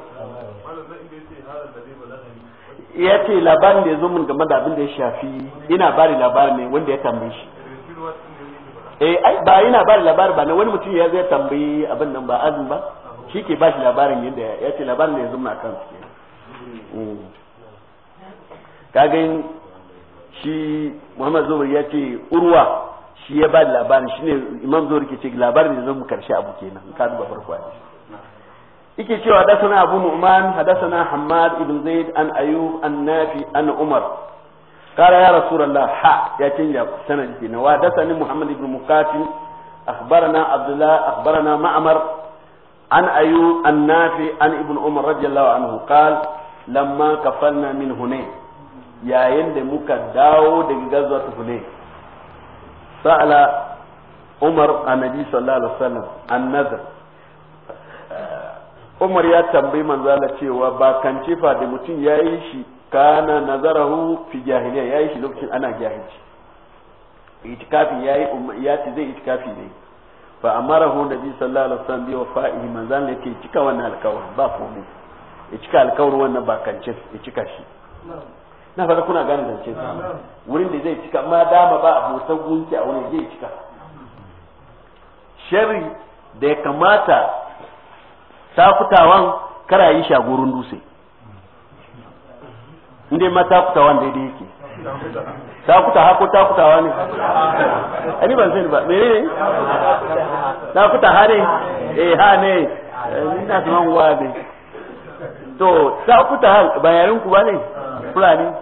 ya ce labarin da ya zo mun game da abin da ya shafi ina bari labarin ne wanda ya tambaye shi eh ba ina bari labarin ba ne wani mutum ya zai tambayi abin nan ba azumi ba shi ke ba shi labarin yadda ya ce labarin da ya zo mun akan su mm. ka kaga shi muhammad zuhri ya ce urwa shi ya ba da labarin shi ne imam zuhri ke ce labarin da zan mu karshe abu kenan ka duba farko yake cewa hadathana abu nu'man hadathana hammad ibn zaid an ayub an nafi an umar قال يا رسول الله ها يا تنجا سند دينا وحدثني محمد بن مقاتل اخبرنا عبد الله اخبرنا معمر عن ايوب النافي عن ابن عمر رضي الله عنه قال لما كفلنا من هنين yayin da muka dawo daga gazuwa tufule sa'ala umar annabi sallallahu alaihi wasallam annazar eh, umar ya tambayi manzala cewa ba kan cifa da mutum ya yi shi kana nazarahu fi jahiliya ya yi shi lokacin ana jahilci itikafi ya yi ya zai itikafi ne fa amarahu nabi sallallahu alaihi wasallam bi wafa'i manzala yake cika wannan alkawarin ba komai ya cika alkawarin wannan ba kan ya cika shi na fara kuna gane zance su wurin da zai cika ma dama ba abokan gunki a wurin zai cika sharri da ya kamata takutawan kara yi shagorin dutse inda ma takutawan daidai yake takuta hako takutawa ne ani ban sani ba mene ne takuta ha ne eh ha ne eh, ina sunan wa ne to takuta ba bayarin ku ba ne ne?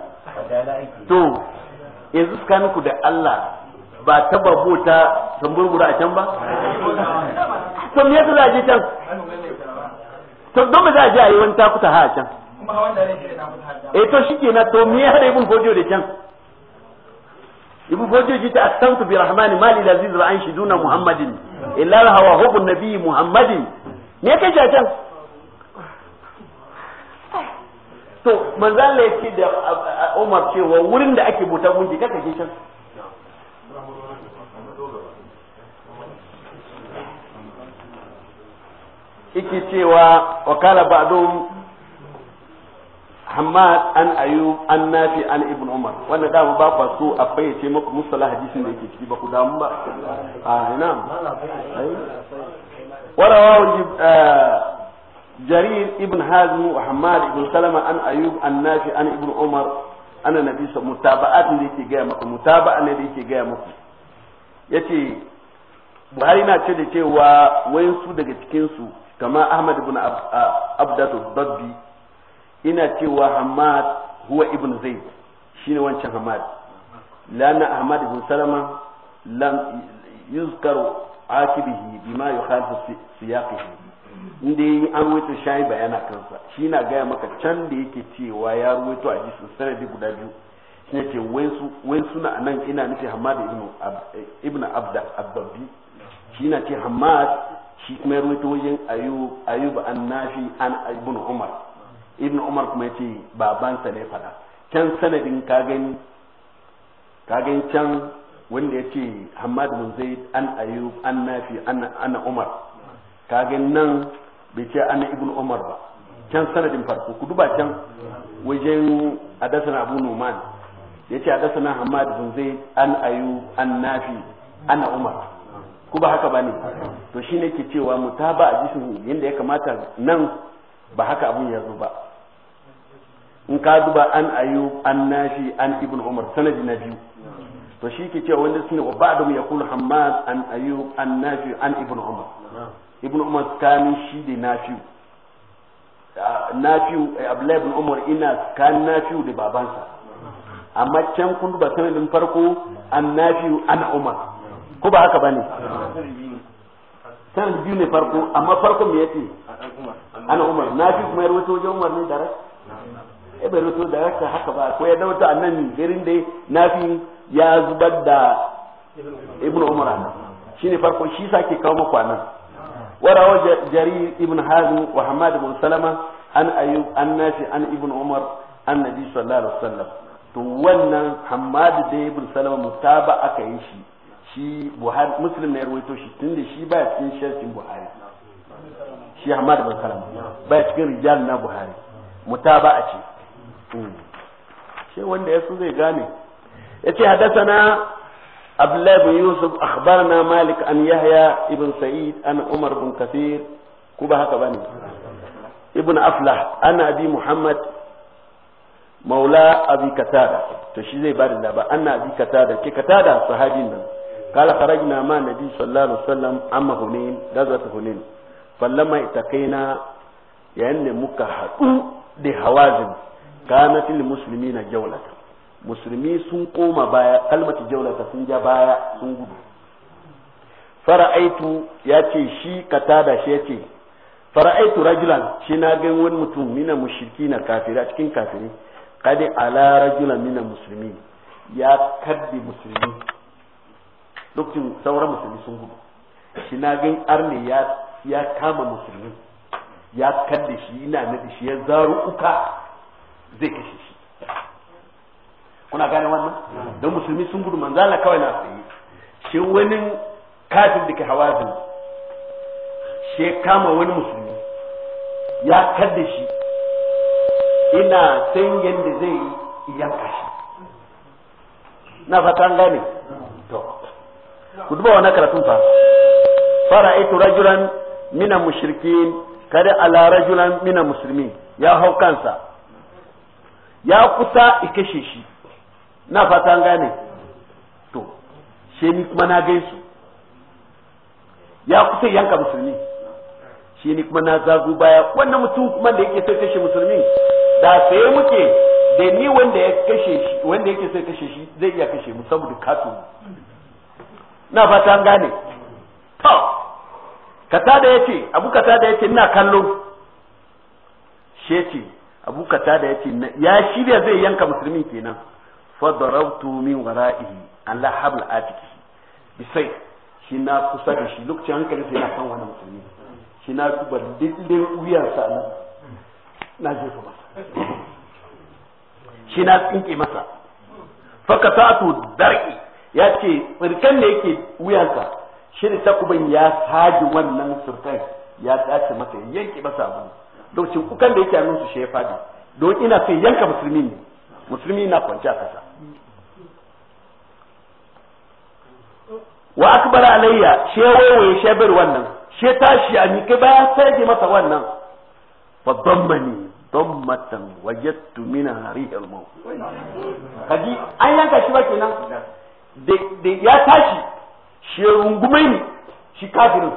to yanzu tsakaninku da Allah ba taba bota tamburbura a can ba to me yasa za a je can to don ba za a je a yi wani takuta ha a can eh to shike na to me ya hada ibn fojo da can Ibin fojo ji ta astantu bi rahmani mali laziz ra'an duna muhammadin illa hawa hubun nabi muhammadin me yake a can to manzan Allah ya ce da Umar cewa wurin da ake bautar gunki kaka ke can yake cewa wa kala ba'dhum Hamad an Ayub an Nafi an Ibn Umar wannan da ba ku so a fayyace muku musala hadisin da yake ciki ba ku damu ba a ah, ina ai warawa eh, jarir ibn hazm wa hamad ibn salama an ayub an nafi an ibn umar ana nabi sa mutaba'at ne yake gaya maka mutaba'a ne da yake gaya maka yace buhari na ce da cewa wayansu daga cikin su kama ahmad ibn abdatu dabbi ina cewa hamad huwa ibn zaid shine wancan hamad lana ahmad ibn salama lam yuzkaru akibihi bima yukhalifu siyaqihi inda yi an wuce shayi bayana kansa shi na gaya maka can da yake cewa ya ruwaito a jisun sanadi guda biyu shi ne ce wai suna a nan ina nufi hamad ibn abda abbabi shi na ce hamad shi kuma ya ruwaito wajen ayub an nafi an ibn umar ibn umar kuma ya ce babansa ne fada can sanadin kagen can wanda ya ce hamad mun zai an ayub an nafi an umar kage nan bai ce an ibn umar ba can sanadin farko ku duba can wajen adasana abu numan ya ce adasana hamad bin zai an ayu an nafi ana umar ku ba haka ba ne to shine ke cewa ba a jishin yanda ya kamata nan ba haka abun ya zo ba in ka duba an ayu an nafi an ibn umar sanadi na biyu to shi ke cewa wanda sune wa ya kula hammad an ayu an nafi an ibn umar ibn umar tsakanin shi da nafiu nafiu eh, abdullahi ibn umar ina kan nafiu da babansa amma can kun duba sanadin farko an nafiu ana umar ko ba haka bane sanadin biyu ne farko amma farko me yace ana umar nafiu kuma ya rawaito wajen umar ne direct e bai rawaito direct haka ba ko ya dauta annan garin da nafiu ya zubar da ibn umar shine farko shi sake kawo makwanan وروى جرير ابن هازم وحماد بن سلمة عن أيوب عن نافع عن ابن عمر عن النبي صلى الله عليه وسلم to wannan Hammad da ibn Salama mutaba aka yi shi shi Buhari Muslim ne ya rawaito shi tunda shi baya cikin sharhin Buhari shi Hammad bin Salama baya cikin rijal na Buhari mutaba a ce wanda yaso zai gane yace na. abdullahi yusuf yusuf na malik an yahya ibn sa'id an umar bin kafir ku ba haka bane ibn aflah an muhammad maula abi katada to shi zai bada labar an abi katada ke katada sahabin nan kala farajna ma nabi sallallahu alaihi wasallam amma hunain gazat hunain fallama itakaina yayin da muka haɗu da hawazin kanatil na jawlatan musulmi sun koma baya kalmati jaulata sun ja baya sun gudu fara'aitu ya ce shi tada shi ya ce fara'aitu rajulan shi na gan wani mutum mina mushriki na kafiri a cikin kafiri kadi ala rajulan mina musulmi ya kaddi musulmi lokacin sauran musulmi sun gudu shi na gan arne ya ya kama musulmi ya kaddi shi ina nadi shi ya zaro uka zai kashe shi kuna gane wannan don musulmi sun gudu manzala kawai na tsaye shi wani kafin da ke hawazin shi kama wani musulmi ya kadda shi ina san yadda zai yi yanka shi na fata an gane to ku duba wannan karatun fa fara aitu rajulan mina mushrikin kada ala rajulan mina muslimin ya hau kansa ya kusa ikashe shi na fata gane to she ni kuma na gaisu ya kusa yanka musulmi shi ni kuma na zagu baya wannan mutum kuma da yake sai kashe musulmi da sai muke da ni wanda ya kashe shi wanda yake sai kashe shi zai iya kashe mu saboda katu na fata gane to da yace abu da yace ina kallo sheci abu da yace ya shirya zai yanka musulmi kenan fadarautu min wara'ihi Allah habla atiki sai shi na kusa da shi lokacin hankali sai na kan wani mutum shi na duba dindin wuyansa nan na jefa ba shi na tsinke masa fakatatu dar'i ya ce firkan ne yake wuyansa shi da takuban ya saji wannan surkan ya dace masa ya yanke masa abu lokacin kukan da yake hannunsu shi ya fadi don ina sai yanka musulmi ne musulmi na kwance a kasa wa akbar alayya she wawaye she bir wannan she tashi a miƙe baya sai masa wannan fa dammani dammatan wajadtu min harih al maut kaji an yanka shi ba kenan da ya tashi she rungumai ni shi kafirin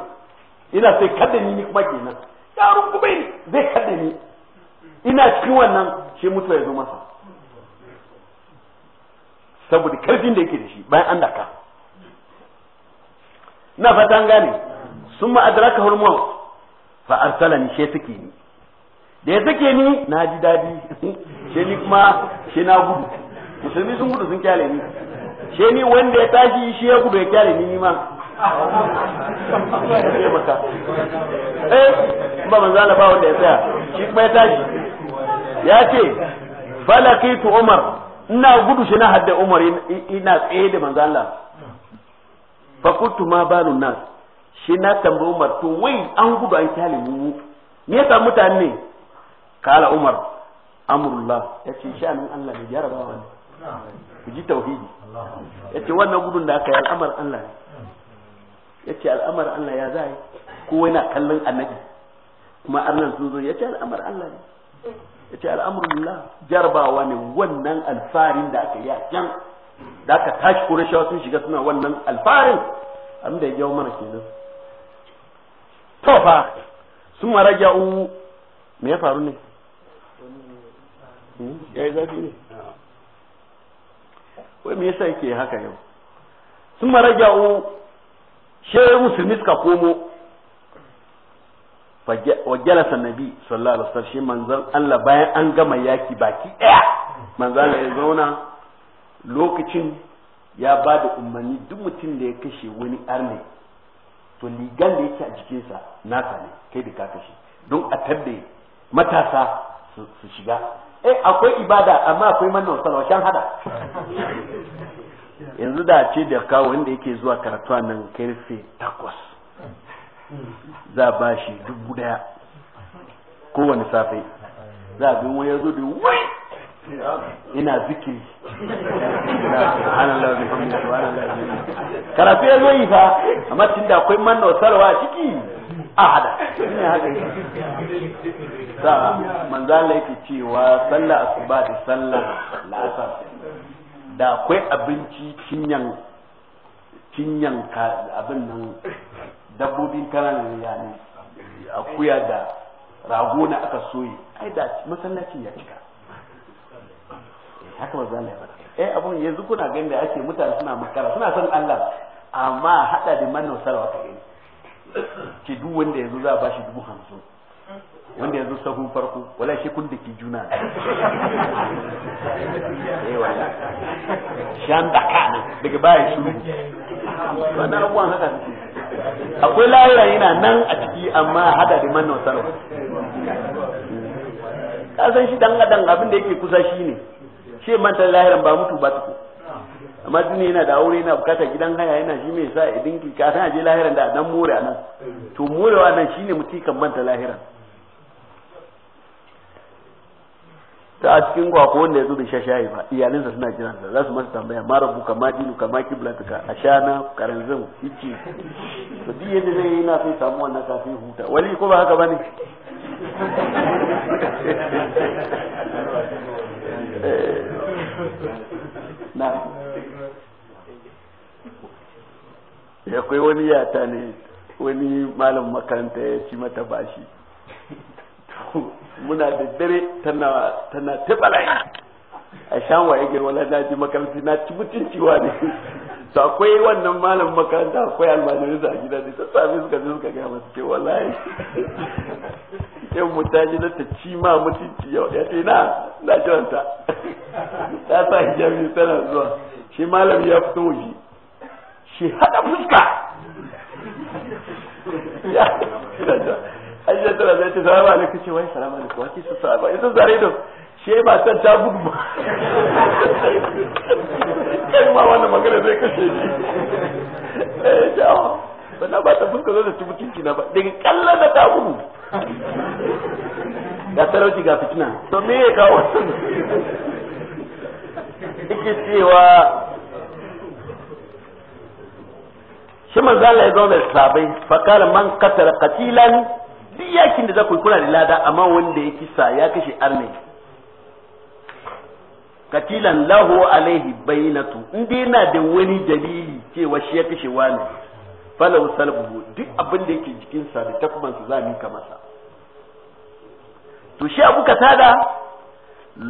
ina sai kada ni kuma kenan ya rungumai ni zai kada ni ina cikin wannan she mutuwa ya zo masa saboda karfin da yake da shi bayan an daka na fatan gane sun ma adraka hormon fa ni she suke ni da ya suke ni na ji dadi she ni kuma she na gudu musulmi sun gudu sun kyale ni she ni wanda ya tashi shi ya gudu ya kyale ni ma eh ba manzo Allah ba wanda ya tsaya shi kuma ya tashi ya ce falakitu umar ina gudu shi na hadda umar ina tsaye da manzo Allah fakultu ma balu nas shi na tambayi umar to wai an gudu an kyale mu me yasa mutane ne kala umar amrullah yace sha'anin Allah ne jarabawa ne ku ji tauhidi yace wannan gudun da aka yi al'amar Allah ne yace al'amar Allah ya zai ko na kallon annabi kuma arnan sun zo yace al'amar Allah ne yace al'amrullah jarabawa ne wannan alfarin da aka yi a can da aka tashi kurashawa sun shiga suna wannan alfarin abin da ya jawo mana kenan to fa sun mara ja'u me ya faru ne hmm? ya yi zafi ne wai me yasa yake haka yau sun mara ja'u shehu musulmi suka komo wa jalasa nabi sallallahu alaihi wasallam shi manzon Allah bayan an gama yaki baki daya manzon Allah ya zauna lokacin ya ba da umarni duk mutum da ya kashe wani arne to ligan da yake a jikinsa nasa ne kai da ka kashe don a tabbe matasa su shiga eh akwai ibada amma akwai mannan wasu shan hada yanzu da ce da kawo wanda yake zuwa karatuwa nan karfe takwas za ba shi dubu daya kowane safe za a bin wani ya zo da wai ina zikiri subhanallah bihamdihi subhanallah karatu ya zoyi yi fa amma tun da akwai manna wasarwa ciki a hada ina haka sa manzo Allah yake cewa sallah asuba da sallah la'asar da akwai abinci cinyan cinyan abin nan dabbobin kananan ya ne akuya da rago na aka soye ai da masallaci ya cika haka manzo Allah ya faɗa eh abun yanzu kuna ganin da ake mutane suna makara suna son Allah amma hada da manno sarwa ka gani ki duk wanda yanzu za a bashi dubu hamsin wanda yanzu sahun farko wala shi kun da ki juna eh wala shan da kana daga baya shuru wannan abubuwan haka suke akwai layira yana nan a ciki amma hada da manno sarwa ka san shi dan adam abin da yake kusa shi ne ce manta lahiran ba mutu ba tuku amma duniya yana da aure yana bukatar gidan haya yana shi mai sa idin ki ka san je lahiran da dan more nan to morewa nan shine mutu kan manta lahiran ta a cikin gwa wanda ya zo da shayi ba iyalinsa suna jiran da za su masa tambaya ma rabu kama dinu kama kiblatuka ashana karanzin kici to duk yadda zai yi na sai samu wannan kafin huta wali ko ba haka ba eh na ya kai wani yata ne wani malam makaranta ya ci mata bashi muna da dare tana tana ta a shan waye girma na ji makaranta na ci ciwa ne to akwai wannan malam makaranta akwai almajirin sa a gida ne ta sami suka je suka gaya masu ce wallahi yau mu ta ji ta ci ma mutunci yau ya ce na na jiranta ta sa hijabi tana zuwa shi malam ya fito waje shi hada fuska an yi tana zai ce salamu alaikum ce wai salamu alaikum wa kisa salamu ita zare da shi ya yi ba ta ta gudu ba kai ma wannan magana zai kashe ni eh jawo sannan ba ta fuska zai ci mutunci na ba daga kalla da ta gudu ga talauci ga fitina to me ya kawo yake cewa shi manzo Allah ya zo da sabai fakar man katara qatilan duk yakin da za ku kuna da lada amma wanda ya kisa ya kashe arne katilan lahu alaihi bainatu inda yana da wani dalili cewa shi ya kashe wani falau salbuhu duk abin da yake sa da su za ninka masa to shi abu katada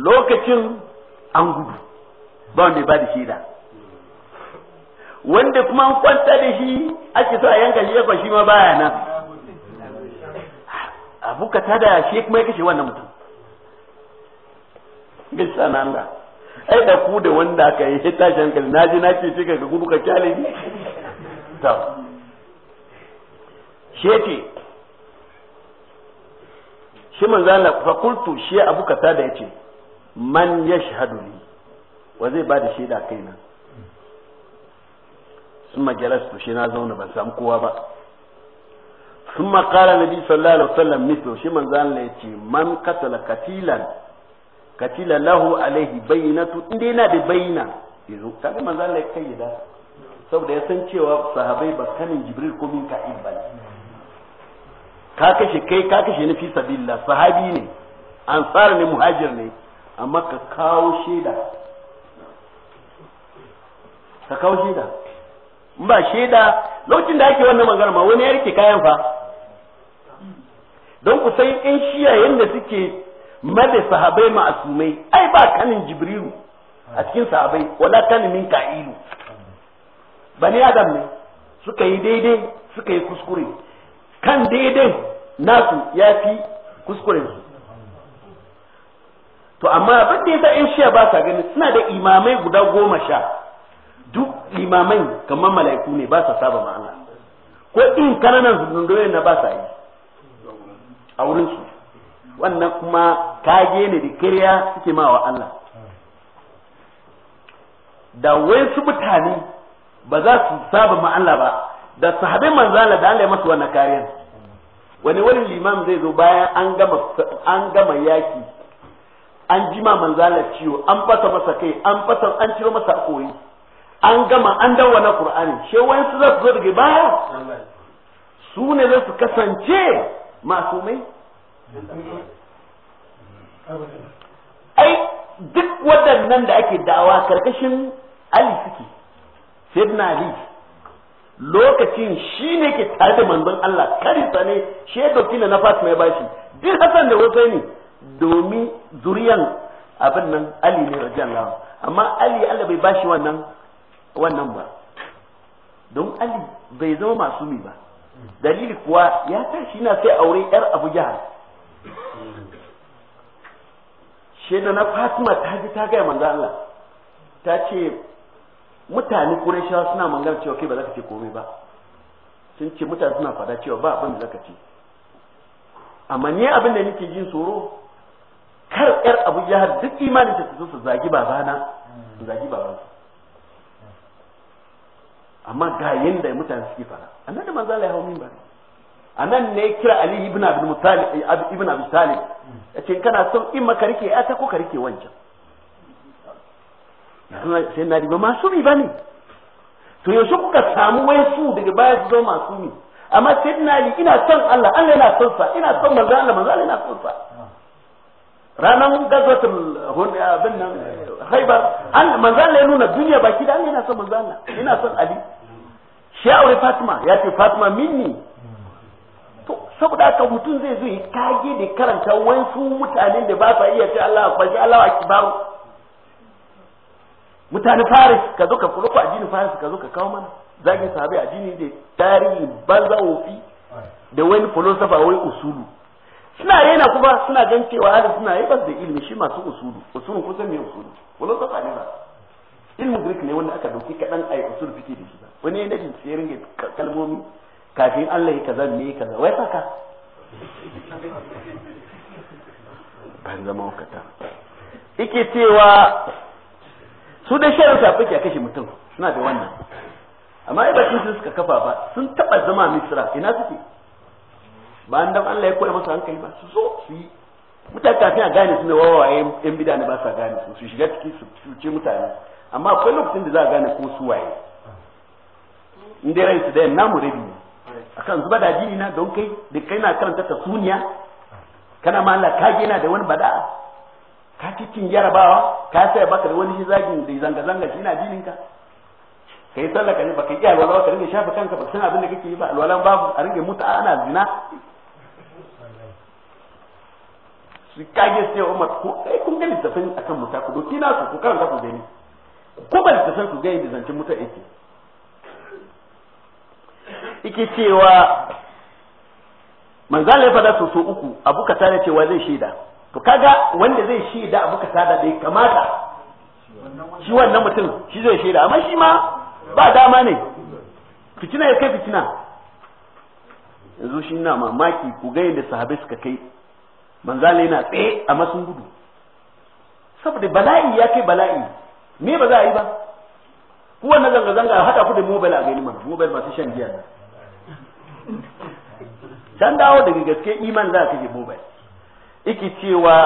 lokacin an gudu ba wanda ba da da wanda kuma an kwanta da shi ake so a yanka shi yakon shi ma baya nan abu katada shi kuma ya kashe wannan mutum bisa nan da ai da ku da wanda ka yi tashin hankali na ji na ce shi ka gudu ka kyale ni shi yake shi manzana fakultu shi abu kasa da yace man ya shahadu li wa zai ba da shaida nan sun majalas to shi na zauna ban samu kowa ba sun makara nabi sallallahu alaihi wasallam mito shi manzana ya ce man katala katilan katila lahu alaihi bayyinatu inda yana da bayyina yazo kaga manzana ya da saboda ya san cewa sahabai ba kanin jibril ko min ka'ib ba ka kashe kai ka kashe na fi sabilillah sahabi ne ansar ne muhajir ne amma ka kawo shaida ka kawo shaida in ba shaida lokacin da ake wannan magana ma wani ya rike kayan fa don ku san in shiya yadda suke mada sahabai ma'asumai ai ba kanin jibrilu a cikin sahabai wala kanin min ka'ilu bani adam ne suka yi daidai suka yi kuskure kan daidai nasu ya fi kuskuren su to amma abin da yasa in shiya ba sa gani suna da imamai guda goma sha duk imamai kamar mala'iku ne ba sa saba ma'ana ko in kananan zundoyen na ba sa yi a wurin wannan kuma kage ne da kirya suke ma wa Allah da wai su mutane ba za su saba ma ba da sahabbai manzo Allah da Allah ya masa wannan kariyan wani wani limam zai zo bayan an gama an gama yaki an jima manzo Allah ciwo an fasa masa kai an fasa an ciro masa koyi an gama an dawo na Qur'ani she wani su za su zo daga baya su ne za su kasance masumai ai duk waɗannan da ake dawa karkashin Ali suke Sayyidina Ali lokacin shi ne ke tare da manzon Allah karinsa ne shi ya dauki na Fatima ya bashi duk hasan da ne domin zuriyan abin nan Ali ne radiyallahu amma Ali Allah bai bashi wannan wannan ba don Ali bai zama masumi ba dalili kuwa ya tashi na sai aure yar Abu Jahal shi na Fatima ta ji ta ga manzon Allah ta ce mutane kurashawa suna mangana cewa kai ba za ka ce komai ba sun ce mutane suna fada cewa ba abin da za ka ce amma ne abin da nake jin tsoro kar yar abu har duk imanin ta su zagi babana su zagi babansu amma ga yanda mutane suke fara annan da manzala ya hau min bari a ne kira Ali ibn Abi Talib ibn Abi Talib yace kana son in maka rike ya ta ko ka rike wancan sai na riba masu ba ne to yaushe kuka samu wai su daga baya su zama masumi amma sai na ali ina son Allah Allah yana son sa ina son manzo Allah manzo Allah yana son sa ranan gazwatul bin nan haibar an manzo Allah ya nuna duniya baki da Allah yana son manzo Allah ina son ali shi Fatima ya ce Fatima minni to saboda haka mutum zai zo ya kage da karanta su mutanen da ba sa iya ce Allah ba shi Allah akbar mutane faris ka zo ka kula ku addinin faris ka zo ka kawo mana zagin sahabai addini da tarihi banza wofi da wani filosofa wai usulu suna yana kuma suna gan cewa hada suna yi ba da ilimi shi masu usulu usulun san me usulu filosofa ne ba ilmin greek ne wanda aka dauki kadan ai usulu fike da shi ba wani ne jin sai ringe kalmomi kafin Allah ya kaza me kaza wai saka ban zama wakata ike cewa su dai shirin safi ke kashe mutum suna da wannan amma ai bakin su suka kafa ba sun taba zama misra ina suke ba an dan Allah ya koya masa hankali ba su zo su yi mutane kafin a gane su ne wawaye yan bida ne ba sa gane su su shiga ciki su ce mutane amma akwai lokacin da za a gane ko su waye in dai rai su da namu rabi ne akan zuba da jini na don kai da kai na karanta tasuniya kana ma kage na da wani bada'a ka cikin yarabawa ka sai baka da wani zagi da zanga zanga shi na jinin ka kai sallah ka ne baka iya walawa ka ringe shafa kanka baka san abin da kake yi ba alwalan babu a ringe muta ana zina su kage sai Umar ko kai kun ga littafin akan muta ku doki na su ku karanta ku gani ko ba littafin su ga yadda zancin muta yake yake cewa manzala ya fada su uku abu ka tare cewa zai shaida to kaga wanda zai shaida abu ka tada bai kamata shi wannan mutum shi zai shaida amma shi ma ba dama ne fitina ya kai fitina yanzu shi na mamaki ku ga yadda sahabai suka kai manzali yana tsaye a sun gudu saboda bala'i ya kai bala'i me ba za a yi ba Kowanne wannan zanga-zanga haɗa ku da mobile a gani ma mobil masu shan giya can dawo daga gaske iman za a je mobile iki cewa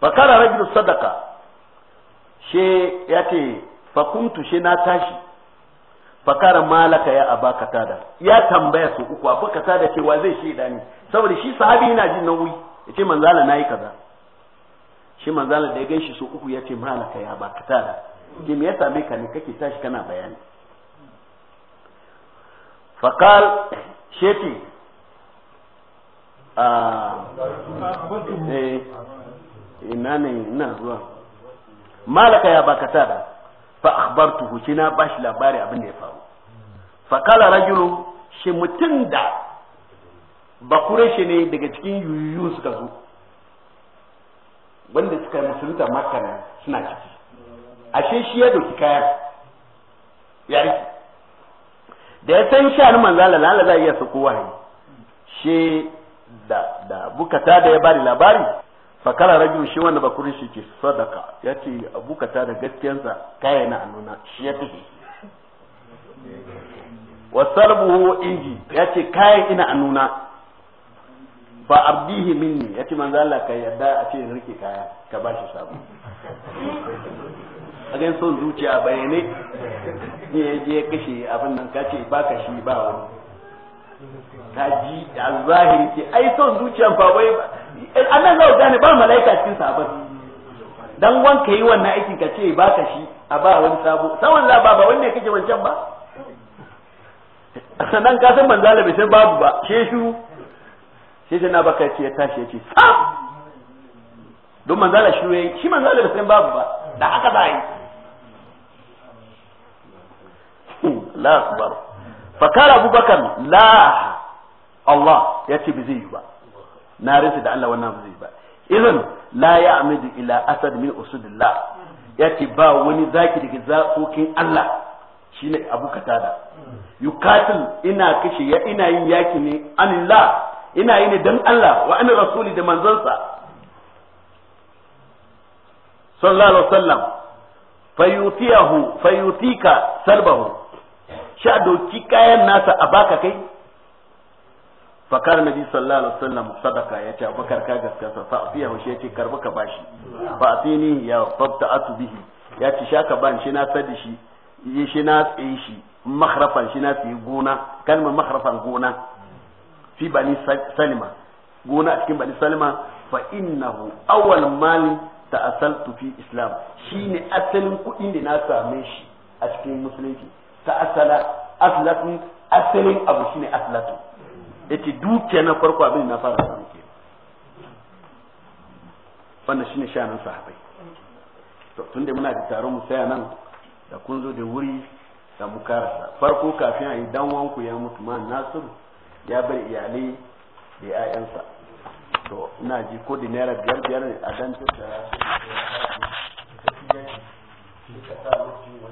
fakara rajul sadaka she ya ce fakuntu she na tashi fakara malaka ya aba katada ya tambaya su uku abu katada cewa zai shaida ni saboda shi sahabi yana jin nauyi ya ce manzala na yi kaza shi manzala da ya ganshi su uku ya ce malaka ya aba katada ke me ya same ka ne kake tashi kana bayani fakal Ah. Eh. ina ne ina zuwa malaka ya baka da fa akhbartuhu shi na bashi labari abin da ya faru fa kala rajulu shi mutum da bakure shi ne daga cikin yuyu suka zo wanda suka musulunta makana suna ciki ashe shi ya doki kayan ya riki da ya san sha'anin manzala lalata ya su kowa ne shi da da bukata da ya bari labari fakara rajul shi wanda bakurin shi ke sadaka ya ce bukata da gaskiyansa kaya na annuna shi ya tafi wasalbuhu inji ya ce kayan ina annuna ba abdihi minni ya ce manzo Allah ka yarda a ce rike kaya ka bashi sabo a son zuciya bayanai ne ya je kashe abin nan ka ce baka shi ba wani kaji da zahiri ce ai son zuciya fa bai annan zai gane ba malaika cikin sahabbai dan wanka yi wannan aikin ka ce ba ka shi a ba wani sabo sawan la ba wanne kake wancan ba sannan ka san manzala bai san babu ba she shu sai sai na baka ce ya tashi ya ce don manzala shi yayi shi manzala bai san babu ba da haka za yi Allah akbar fakara abubakar la Allah ya ce zai yi ba na rinsa da Allah wannan zai yi ba irin la ya amidu ila asad min usudillah ya ba wani zaki daga zakokin Allah shine abu katada yukatil ina kashe ina yin yaki ne Allah ina yi ne dan Allah wa an rasuli da manzansa sallallahu salbahu sha doki kayan nasa a baka kai fakar nabi sallallahu alaihi wasallam sadaka ya ce abakar ka gaskasa fa afiya hushe ya ce karba ka bashi fa atini ya fabta atu bihi ya ce shaka ban shi na sadi shi yi shi na tsaye shi makhrafan shi na tsaye gona kalmar makhrafan gona fi bani salima gona a cikin bani salima fa innahu awwal mali ta asaltu fi islam shine asalin kuɗin da na same shi a cikin musulunci ta asala aslatu asalin abu shine aslatu yace duke na farko abin na fara samu ke wannan shine shanan sahabbai to tunda muna da taron mu saya nan da kun zo da wuri da mu karasa farko kafin a yi dan wanku ya mutu ma nasiru ya bar iyalai da 'ya'yansa to ina ji ko da naira biyar biyar a dan tattara su da ya sa